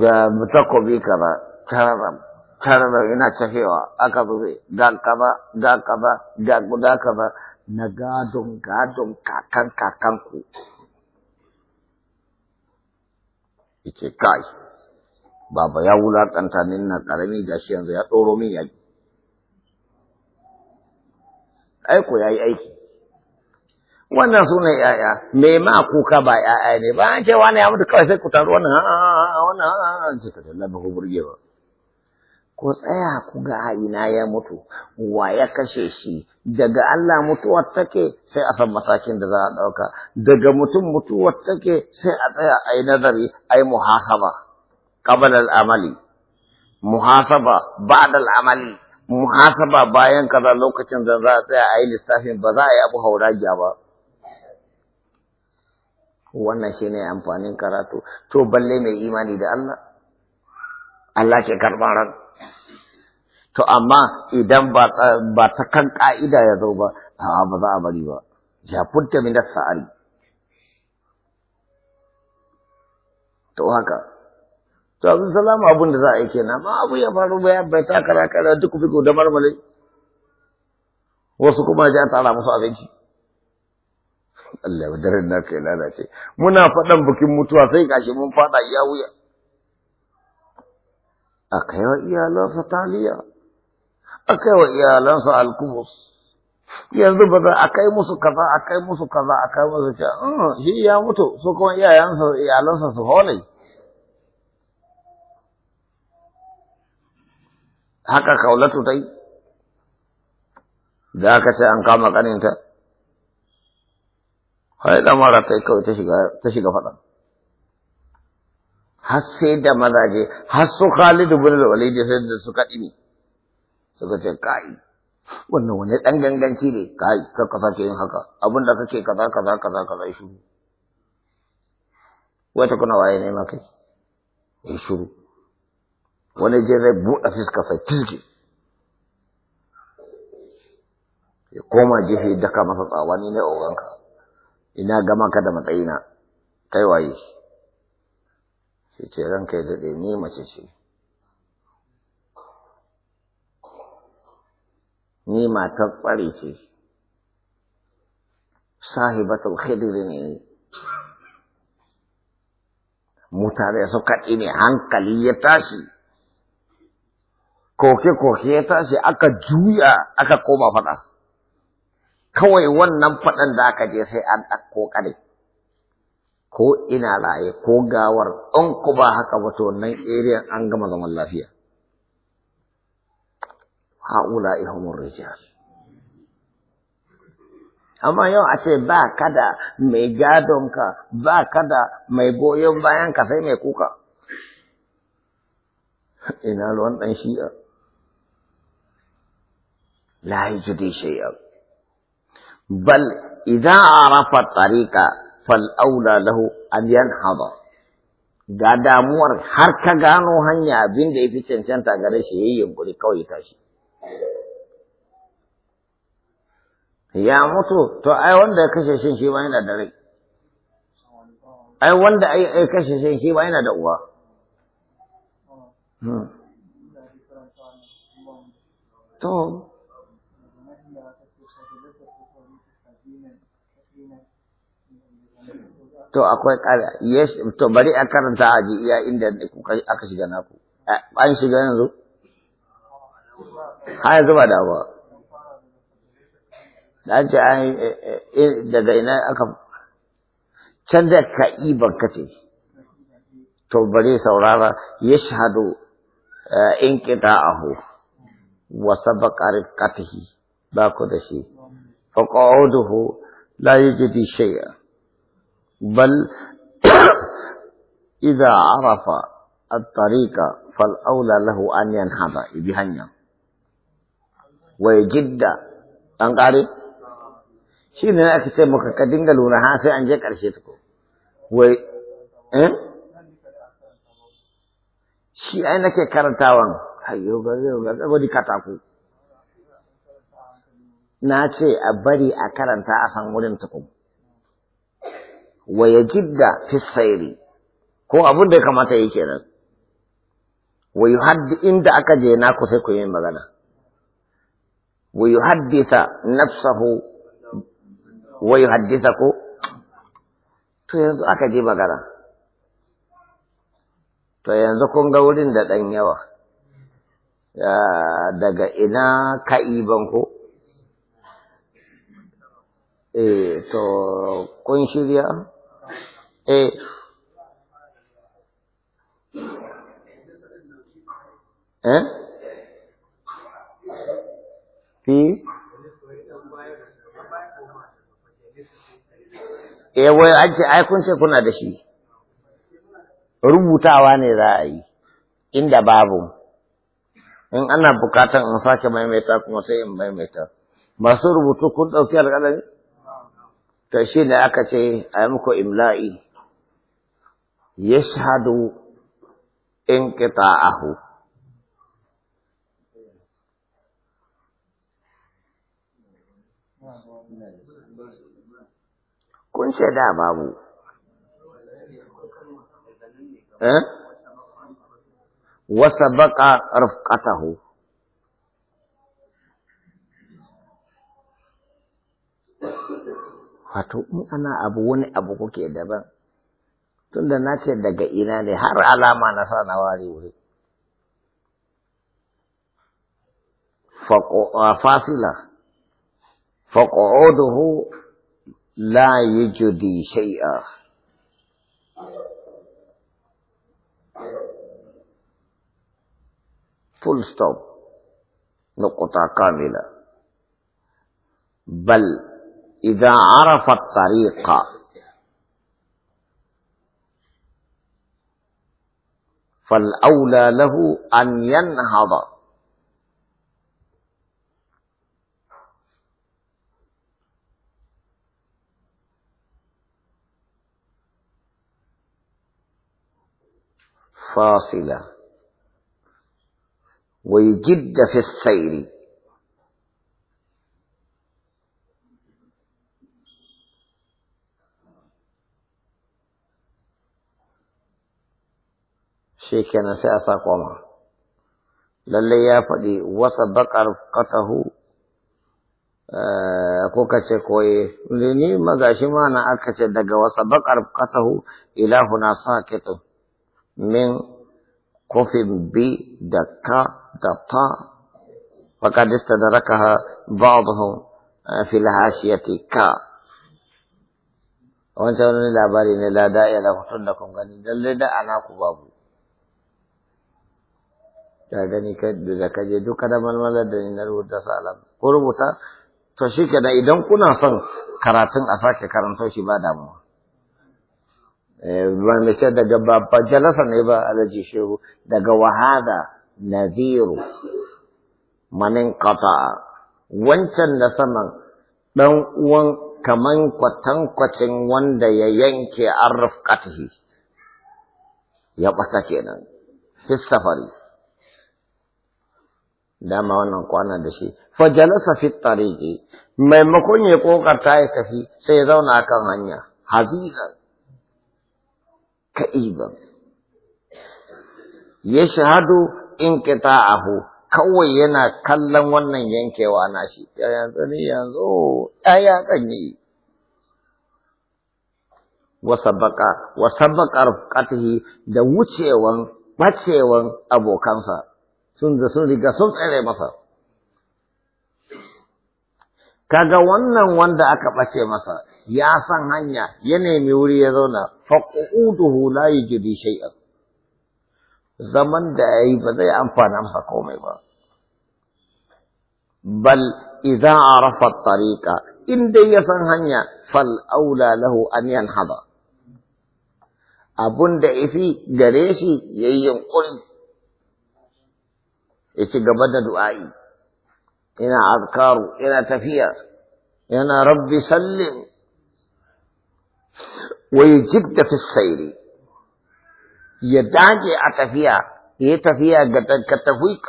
ga takobi kaza tararam tararam ina tafewa aka zube ga kaza ga kaza ga guda kaza na gadon gadon kakan ku Ike kai. baba ya wulaƙanta ni na ƙarami gashi yanzu ya ɗoro min yaƙi aiko ya yi aiki wannan su ‘ya'ya me ma kuka ba ‘ya'ya ne ba an ce wani ya mutu kawai sai ku taru wannan ah, ah, ah, wannan an ce ka burge ba ko tsaya ku ga ina ya mutu wa ya kashe shi daga Allah mutuwar take sai a san matakin da za a ɗauka daga mutum mutuwar take sai a tsaya a yi nazari a yi muhasaba قبل العمل محاسبة بعد العمل محاسبة باين كذا لوكتين ذات أي لسافين بزاي أبو هوراجا با wannan shi ne amfanin karatu to balle mai imani da Allah Allah ke karɓar ran to amma idan ba ta kan ƙa'ida ya zo ba a ba za a bari ba ya furta min sa'ari to haka to abin salama abin da za a yi kenan amma abu ya faru ba bai ta kara kara duk fi da marmalai wasu kuma ji an tara musu abinci Allah daren na kai lalace muna faɗan bikin mutuwa sai gashi mun faɗa iya wuya a wa iyalansa taliya a wa iyalansa alkubus yanzu ba za a kai musu kaza a kai musu kaza a kai musu ce mm, shi ya mutu su kuma iyayensa iyalansa su holai haka kaulatu ta yi da aka ce an kama kaninta hai mara ta yi kawai ta shiga faɗa har sai da mazaje har su khalidu bin walidi sai da suka ɗini suka ce kai wannan wani ɗan ganganci ne kai kar ka sake yin haka abinda ka kake kaza kaza kaza kaza shiru wata kuna waye ne ma kai shiru wani jirai buɗe fiska sai tilke ya koma gefe daka masa tsawa ni ne oganka ina gama ka da matsayina kai waye shi ce ranka ya daɗe ni mace ce ni matar tsare ce sahibatul khidri ne mutane kaɗi ne hankali ya tashi koke-koke ya tashi aka juya aka koma faɗa. Kawai wannan faɗan da aka je sai an ɗauko ƙare. Ko ina raye ko gawar in ku ba haka ba to nan area an gama zaman lafiya. Ha'ula ihumur rijal. Amma yau a ce ba kada mai ka ba kada mai goyon bayanka sai mai kuka. ina ruwan ɗan shi'a la yajidi shay'an bal idza arafa tariqa fal aula lahu an yanhada ga damuwar har ka gano hanya abin da yafi cancanta gare shi yayi yunkuri kawai tashi ya mutu to ai wanda ya kashe shi shi ma yana da rai ai wanda ai kashe shi shi ma yana da uwa to to akwai yes to bari a karanta a ji iya inda aka shiga naku an shiga yanzu har yanzu ba da ba na ce an eh, eh, eh, daga ina aka can da ka iban kace to bari saurara ya shahadu in qita'ahu wa sabaqa riqatihi ba ku da shi fa qa'uduhu la yajidi shay'an بل إذا عرف الطريق فالأولى له أن ينحب بهن ويجد أن قارب شيء لنا كتير مكدين قالونا ها في أنجي كرشتك وي إيه شيء أنا كي كرتاوان أيوه قال يوم قال أبو دي كتاكو ناتي أبدي أكرن تاسع مريم تكو wa ya jidda fi sairi ko abin da kamata yi kenan wa haddi inda aka je na ku sai ku yi magana wa haddisa nafsahu wa haddisa ko to yanzu aka je magana to yanzu kun ga wurin da ɗan yawa daga ina ka iban ko eh to kun shirya eh eh? eh wai an ce ai kun ce kuna da shi rubutawa ne za a yi inda babu in ana bukatan in sake maimaita kuma sai in maimaita masu rubutu kun ɗauki alƙalami to shi ne aka ce a yi muku imla'i yashhadu qita'ahu kun shaida babu eh wa sabaqa rafqatahu wato in ana abu wani abu kuke daban tunda nace daga ina ne har alama na sa na ware wuri fasila faƙo'oduhu la yi shay'a full stop نقطة كاملة بل إذا عرف الطريقة فالأولى له أن ينهض فاصلة ويجد في السير شيكنا سياسا قوما للي يافدي وسا بقر قطه أقولك آه، شيء كويس لني ما زاشيما أنا أكشف دعوة سبق أرب قطه إلهنا ساكتو من كوفي بي دكا دطا فقد استدركها بعضهم آه، في الحاشية كا وانتظروني لا بارين لا داعي لا فتنكم غني دلدا أنا كبابو da gani ka da ka je duka da malmala da ni na rubuta salam ko rubuta to shi da idan kuna son karatun a sake karanta shi ba damuwa eh, da ce daga babba jalasa ne ba alaji shehu daga wahada naziru manin wancan na saman ɗan uwan kaman kwatankwacin wanda ya yanke an ya ɓata kenan fi safari dama wannan kwana da shi Fa fajalasa fi tariqi maimakon ya kokarta ya tafi sai ya zauna akan hanya hazizan ka'iba ya shahadu in ahu kawai yana kallon wannan yankewa na shi yanzu ne yanzu ya yi. wasabaka wasabakar katihi da wucewan bacewan abokansa sun da sun riga sun tsere masa kaga wannan wanda aka ɓace masa ya san hanya ya nemi wuri ya zauna faquduhu la yujdi shay'an zaman da yayi ba zai amfana masa komai ba bal idza arafa at-tariqa in dai ya san hanya fal aula lahu an yanhada abun da ifi gare shi yayin yunkuri يتقبل إيه دعائي هنا أذكار هنا تفيا تفية ربي سلم ويجد في السير يداجي أتفيا يتفيا إيه قد كتفويك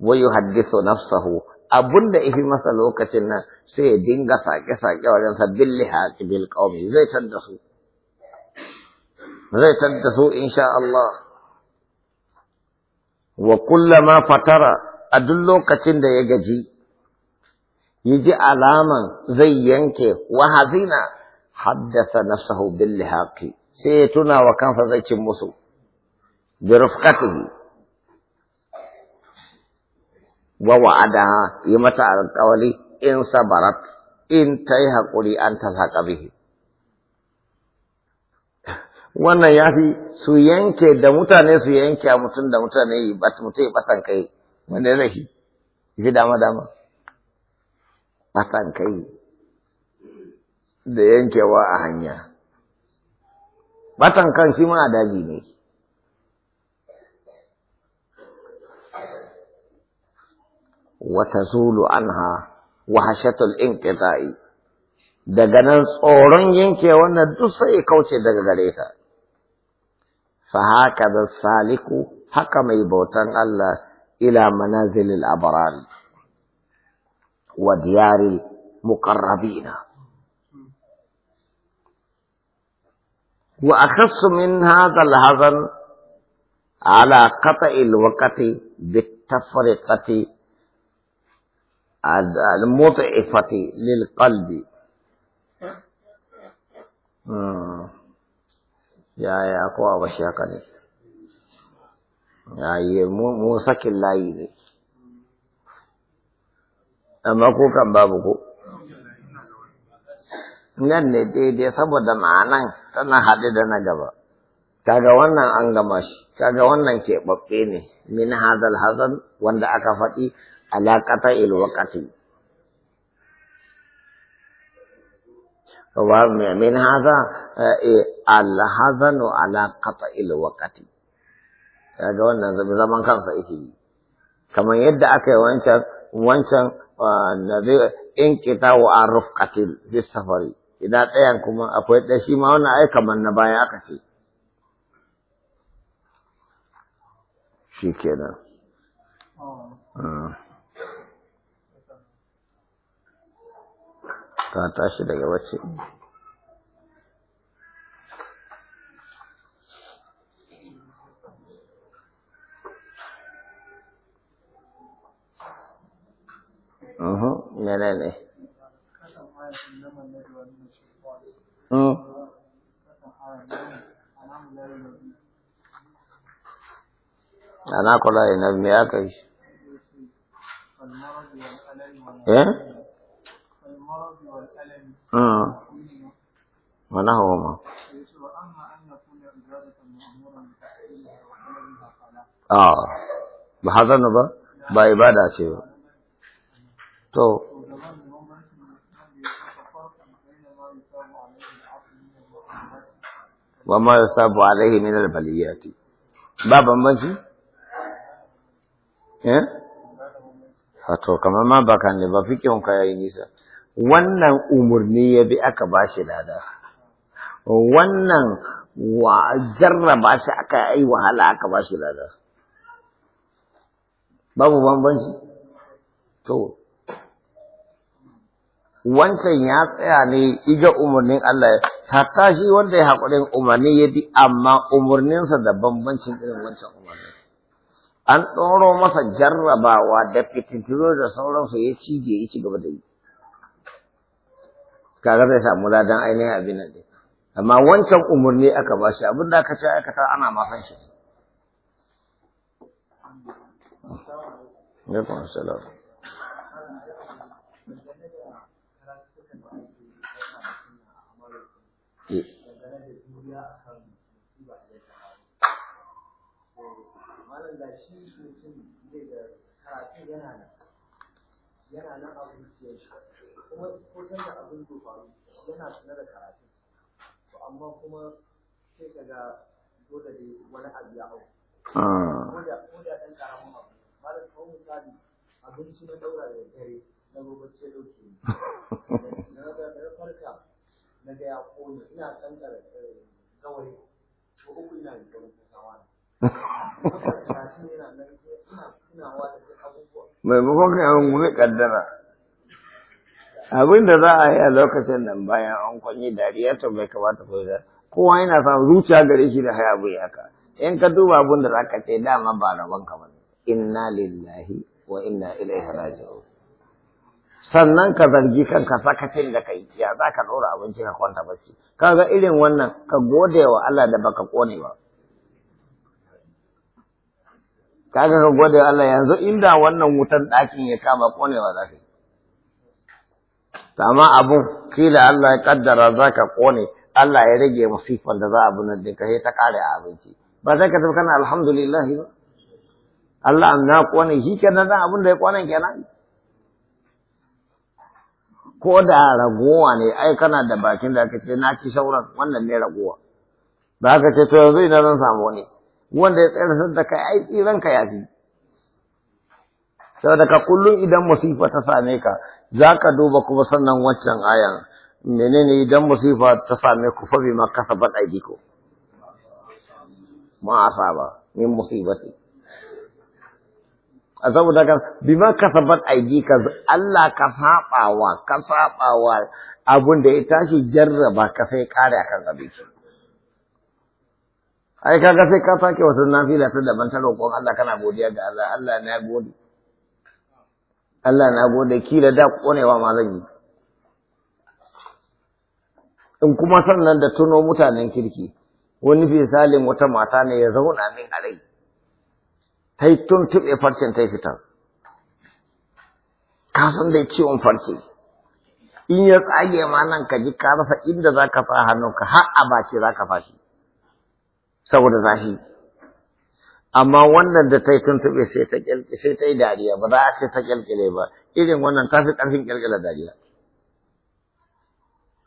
ويحدث نفسه أبن إيه مثل وكتنا سيدين قصا قصا قوانا سبلها تبه القوم زي تدسوا زي تدسوا إن شاء الله wa kullama fatara a duk lokacin da ya gaji ya ji alaman zai yanke wa hazina haddasa nafsahu bil lihaqi sai ya tuna wa kansa zai cin musu bi rufqatihi wa wa'adaha yi mata alƙawari in sabarat in ta yi haƙuri an talhaƙa bihi wannan ya fi su yanke da mutane su yanke a mutum da mutane mutum ya batan kai wanda ya rashi fi dama dama batan kai da yankewa a hanya batan kan shi ma a daji ne Wata Zulu-Anha وتزول عنها وحشة الانقطاع daga nan tsoron yankewa na duk sai kauce daga gare ta فهكذا السالك حكم بوتان الله إلى منازل الأبرار وديار المقربين وأخص من هذا الهضم على قطع الوقت بالتفرقة المضعفة للقلب yaya ko a bashi haka ne yaya mu sakin layi ne amma ko kan babu ko nan ne daidai saboda ma'anan tana haɗe da na gaba kaga wannan an gama shi kaga wannan keɓaɓɓe ne min hazal hazal wanda aka faɗi alaƙata ilwakati ومن هذا الحزن على قطع الوقت kaga wannan zaman kansa yake yi kamar yadda aka yi wancan wancan na in kita wa a katil bis safari idan ɗayan kuma akwai ɗaya shi ma wannan ai kamar na baya aka ce shi kenan ka tashi daga wace wacce ne. ana kula ina me aka yi eh Ah. Mana hawa Ah, bahasa nubu, bah ibadah cewa. To. Wa ma yusabu alaihi min al baliyati. Ba bumbaji? Eh? Atau kamera bahkan lebah fikir orang wannan umarni ya bi aka ba shi lada wannan wa jarraba shi aka yi wahala aka ba shi lada babu bambanci to wancan ya tsaya ne iga umarnin Allah hatta shi wanda ya haƙurin umarni ya bi amma umarninsa da bambancin irin wancan umarnin an ɗoro masa jarrabawa da fitintiro da sauransu ya cige ya ci gaba da yi kaga zai samu ladan ainihin abin nan din amma wancan umarni aka ba shi abin da aka ce aikata ana ma san shi kuma kusan da abin da faru yana sanar da karatu to amma kuma sai ka ga dole wani abu ya hau ah. ko da ko da dan karamin abu malam ko misali abinci na daura da dare na gobe ce dauke na ga da farka na ga ya kone ina ko eh, uku ina maimakon kaddara abin da za a yi a lokacin nan bayan an kwanye dariya to bai kamata ko da kowa yana samun zuciya gare shi da haya bai haka in ka duba abin da zaka ce dama ba rabon ka bane inna lillahi wa inna ilaihi raji'un sannan ka zargi kanka sakacin da kai ya za ka ɗora abinci ka kwanta bacci kaga irin wannan ka gode wa Allah da baka kone ba kaga ka gode wa Allah yanzu inda wannan wutan ɗakin ya kama konewa za amma abun kila Allah ya kaddara za ka kone Allah ya rage masifan da za a bunar da ka ta kare a abinci ba zai ka tafi kana alhamdulillah ba Allah na kone shi ke nan abin da ya kone kenan ko da ragowa ne ai kana da bakin da aka ce na ci sauran wannan ne ragowa ba ka ce to yanzu ina zan samu wani wanda ya tsayar da kai ai tsiranka ka fi saboda ka kullum idan masifa ta same ka za ka duba kuma sannan wancan ayan menene idan musifa ta same ku fa bima kasabat aydikum ma asaba min musibati azabu daga bima kasabat aidika Allah ka sabawa ka sabawa abun da ya tashi jarraba ka sai kare akan abinci ai kaga sai ka sake wasu nafila ta daban ta roƙon Allah kana godiya ga Allah Allah na gode Allah na gode kila da konewa ma zan yi in kuma sannan da tuno mutanen kirki wani misalin wata mata ne ya zauna min a rai ta yi tuntuɓe farcen ta fita ka san dai ciwon farce in ya tsage ma nan ka ji ka rasa inda za ka sa hannunka har a baki za ka fashi saboda zafi amma wannan da ta yi tuntuɓe sai ta kyalke sai ta yi dariya ba za a ce ta kyalkele ba irin wannan ta fi ƙarfin kyalkela dariya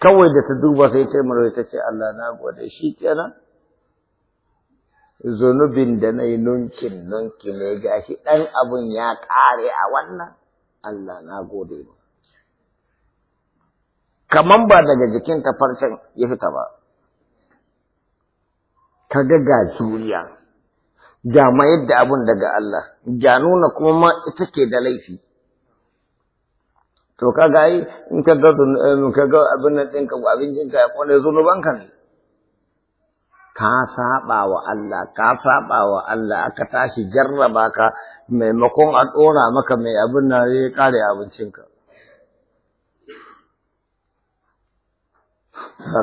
kawai da ta duba sai ta yi ta ce Allah na gode shi kenan zunubin da na yi nunkin nunki ne gashi ɗan abun ya ƙare a wannan Allah na gode ba kamar ba daga jikinta farcen ya fita ba ka ga ga juriya ga mayar da abun daga Allah ga nuna kuma ma ita ke da laifi to ka ga yi, in eh, ka ga abin nan ɗinka ko abincin ka ya kone zunubanka ne ka saba wa Allah ka saba wa Allah aka tashi jarraba ka maimakon a ɗora maka mai abin nan ya kare abincinka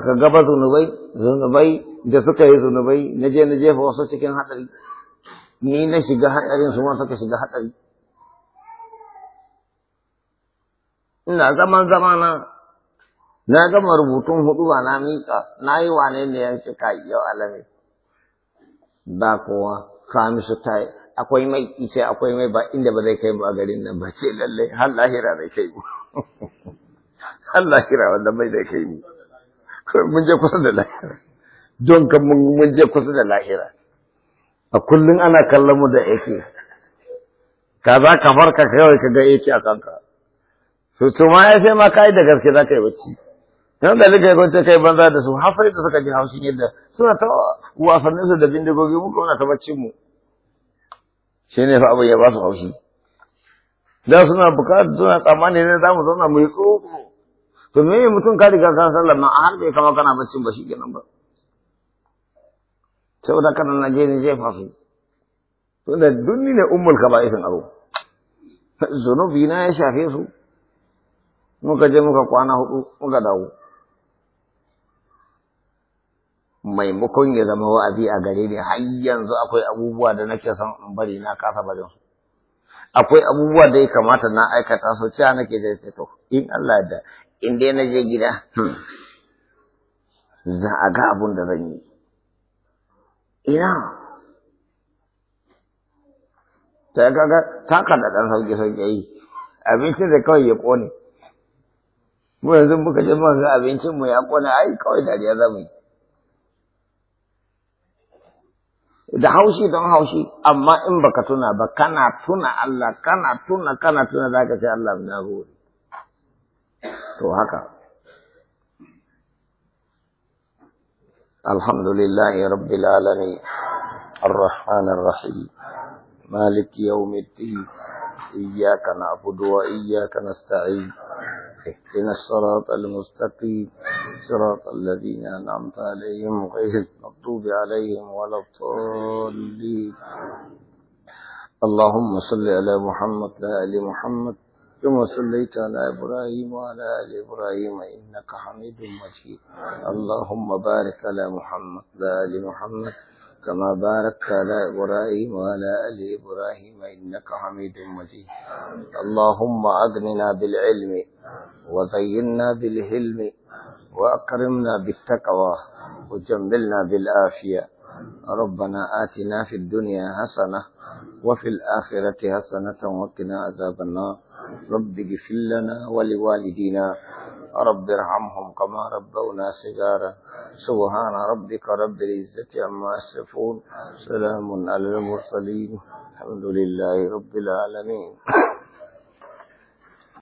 ka gaba zunubai zunubai da suka yi zunubai na je na jefa wasu cikin haɗari ni na shiga haɗarin su ma suka shiga haɗari ina zaman zamana na gama rubutun hudu ba na miƙa na yi wane ne ya ce ka yau alami ba kowa su ta akwai mai ise akwai mai ba inda ba zai kai ba garin nan ba ce lallai har lahira zai kai mu har lahira wanda bai zai kai mu mun je kusa da lahira don kan mun je kusa da lahira a kullum ana kallon mu da yake ka za ka farka kawai ka ga yake a kanka su su ma ya sai ma ka da gaske za ka yi bacci yan da lika yakwance kai banza da su har da suka ji haushin yadda suna ta wasannin su da bindigogi muka muna ta baccin mu shi ne fa abu ya ba su haushi da suna bukatar suna tsammani ne za mu zauna mu yi tsoko to me mutum ka riga ka sallama a harbe bai kama kana bacci ba shi kenan ba wata kanan na je ni jefa su tunda duk ne ummul kaba'isin aro. zunubi na ya shafe su muka je muka kwana hudu muka dawo maimakon ya zama wa'azi a gare ni har yanzu akwai abubuwa da nake son in bari na kasa barin su akwai abubuwa da ya kamata na aikata su cewa nake da to in Allah da in dai na je gida hmm, za a ga abun da zan yi ina ta kaga taka da ɗan sauke sauke yi abincin da kawai ya kone mu yanzu muka je mu ga abincin mu ya ƙone ai kawai da ya zama yi da haushi don haushi amma in baka tuna ba kana tuna Allah kana tuna kana tuna zaka ce Allah na gode to haka الحمد لله رب العالمين الرحمن الرحيم مالك يوم الدين إياك نعبد وإياك نستعين اهدنا الصراط المستقيم صراط الذين أنعمت عليهم غير المغضوب عليهم ولا الضالين اللهم صل على محمد وآل محمد كما صليت على إبراهيم وعلى آل إبراهيم إنك حميد مجيد اللهم بارك على محمد وآل محمد كما باركت على إبراهيم وعلى آل إبراهيم إنك حميد مجيد اللهم أغننا بالعلم وزينا بالهلم وأكرمنا بالتقوى وجملنا بالعافية ربنا آتنا في الدنيا حسنة وفي الآخرة حسنة وقنا عذاب النار رب اغفر لنا ولوالدينا رب ارحمهم كما ربونا صغارا سبحان ربك رب العزة عما يصفون سلام على المرسلين الحمد لله رب العالمين